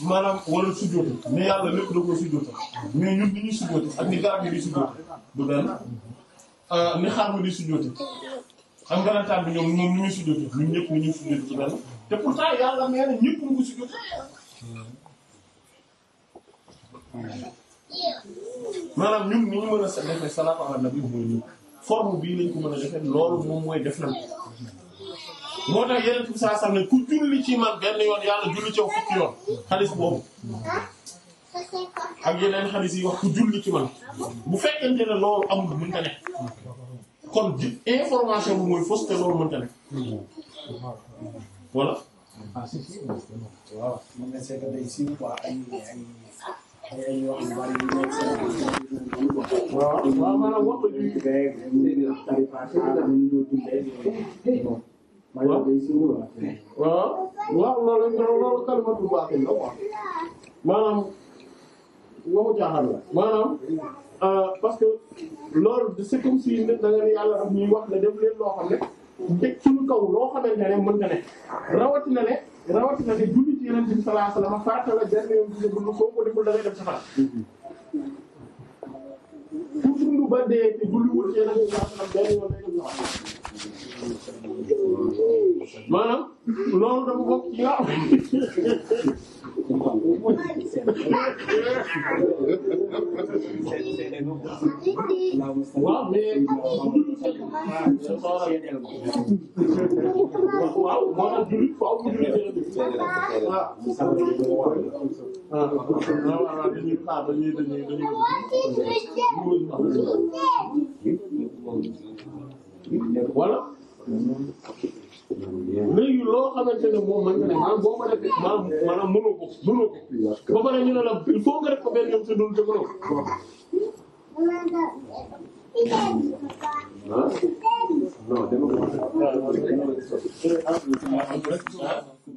maanaam wala sujjóotu ne yàlla lépp da koo sujjóotu ni ñuy ni garab yi euh, ni ñu muy sujjóotu ñu ñuy du benn te pourtant yàlla nee na ñëpp mu ngi sujjóotu maanaam ñun ni ñu mën a defee salaatu ala nabi mooy ñu forme bii lañ ko mën a defee loolu moom mooy def nañ moo tax yeneen bi saa ne ku julli ci man benn yoon yàlla julli ci fukki yoon xadis boobu yeneen xadis yi ci man bu fekkente ne loolu amul mënta ne kon waaw waaw waaw loolu loolu kalimatu baatin la quoi maanaam waxu caaxaan la maanaam ah, parce que loolu c'est si nit da nga yàlla daf ñuy wax ne def leen loo xam ne dëkk ci kaw loo xamante ne mën na ne rawatina ne rawatina ne julli ci Yonent bi sallallahu alayhi wasallam farata la benn yoon bi bu ko ko deful da ngay def safara ku dund ba dee te julliwul ci Yonent bi sallallahu alayhi wasallam benn yoon day def safara voilà voilà léegi loo xamante ne moom man ne maanaam boo ko defee maanaam maanaam mënoo ko mënoo ko ba pare ñu ne la il faut nga def ko benn yoon te dul te mënoo ko. non dama ko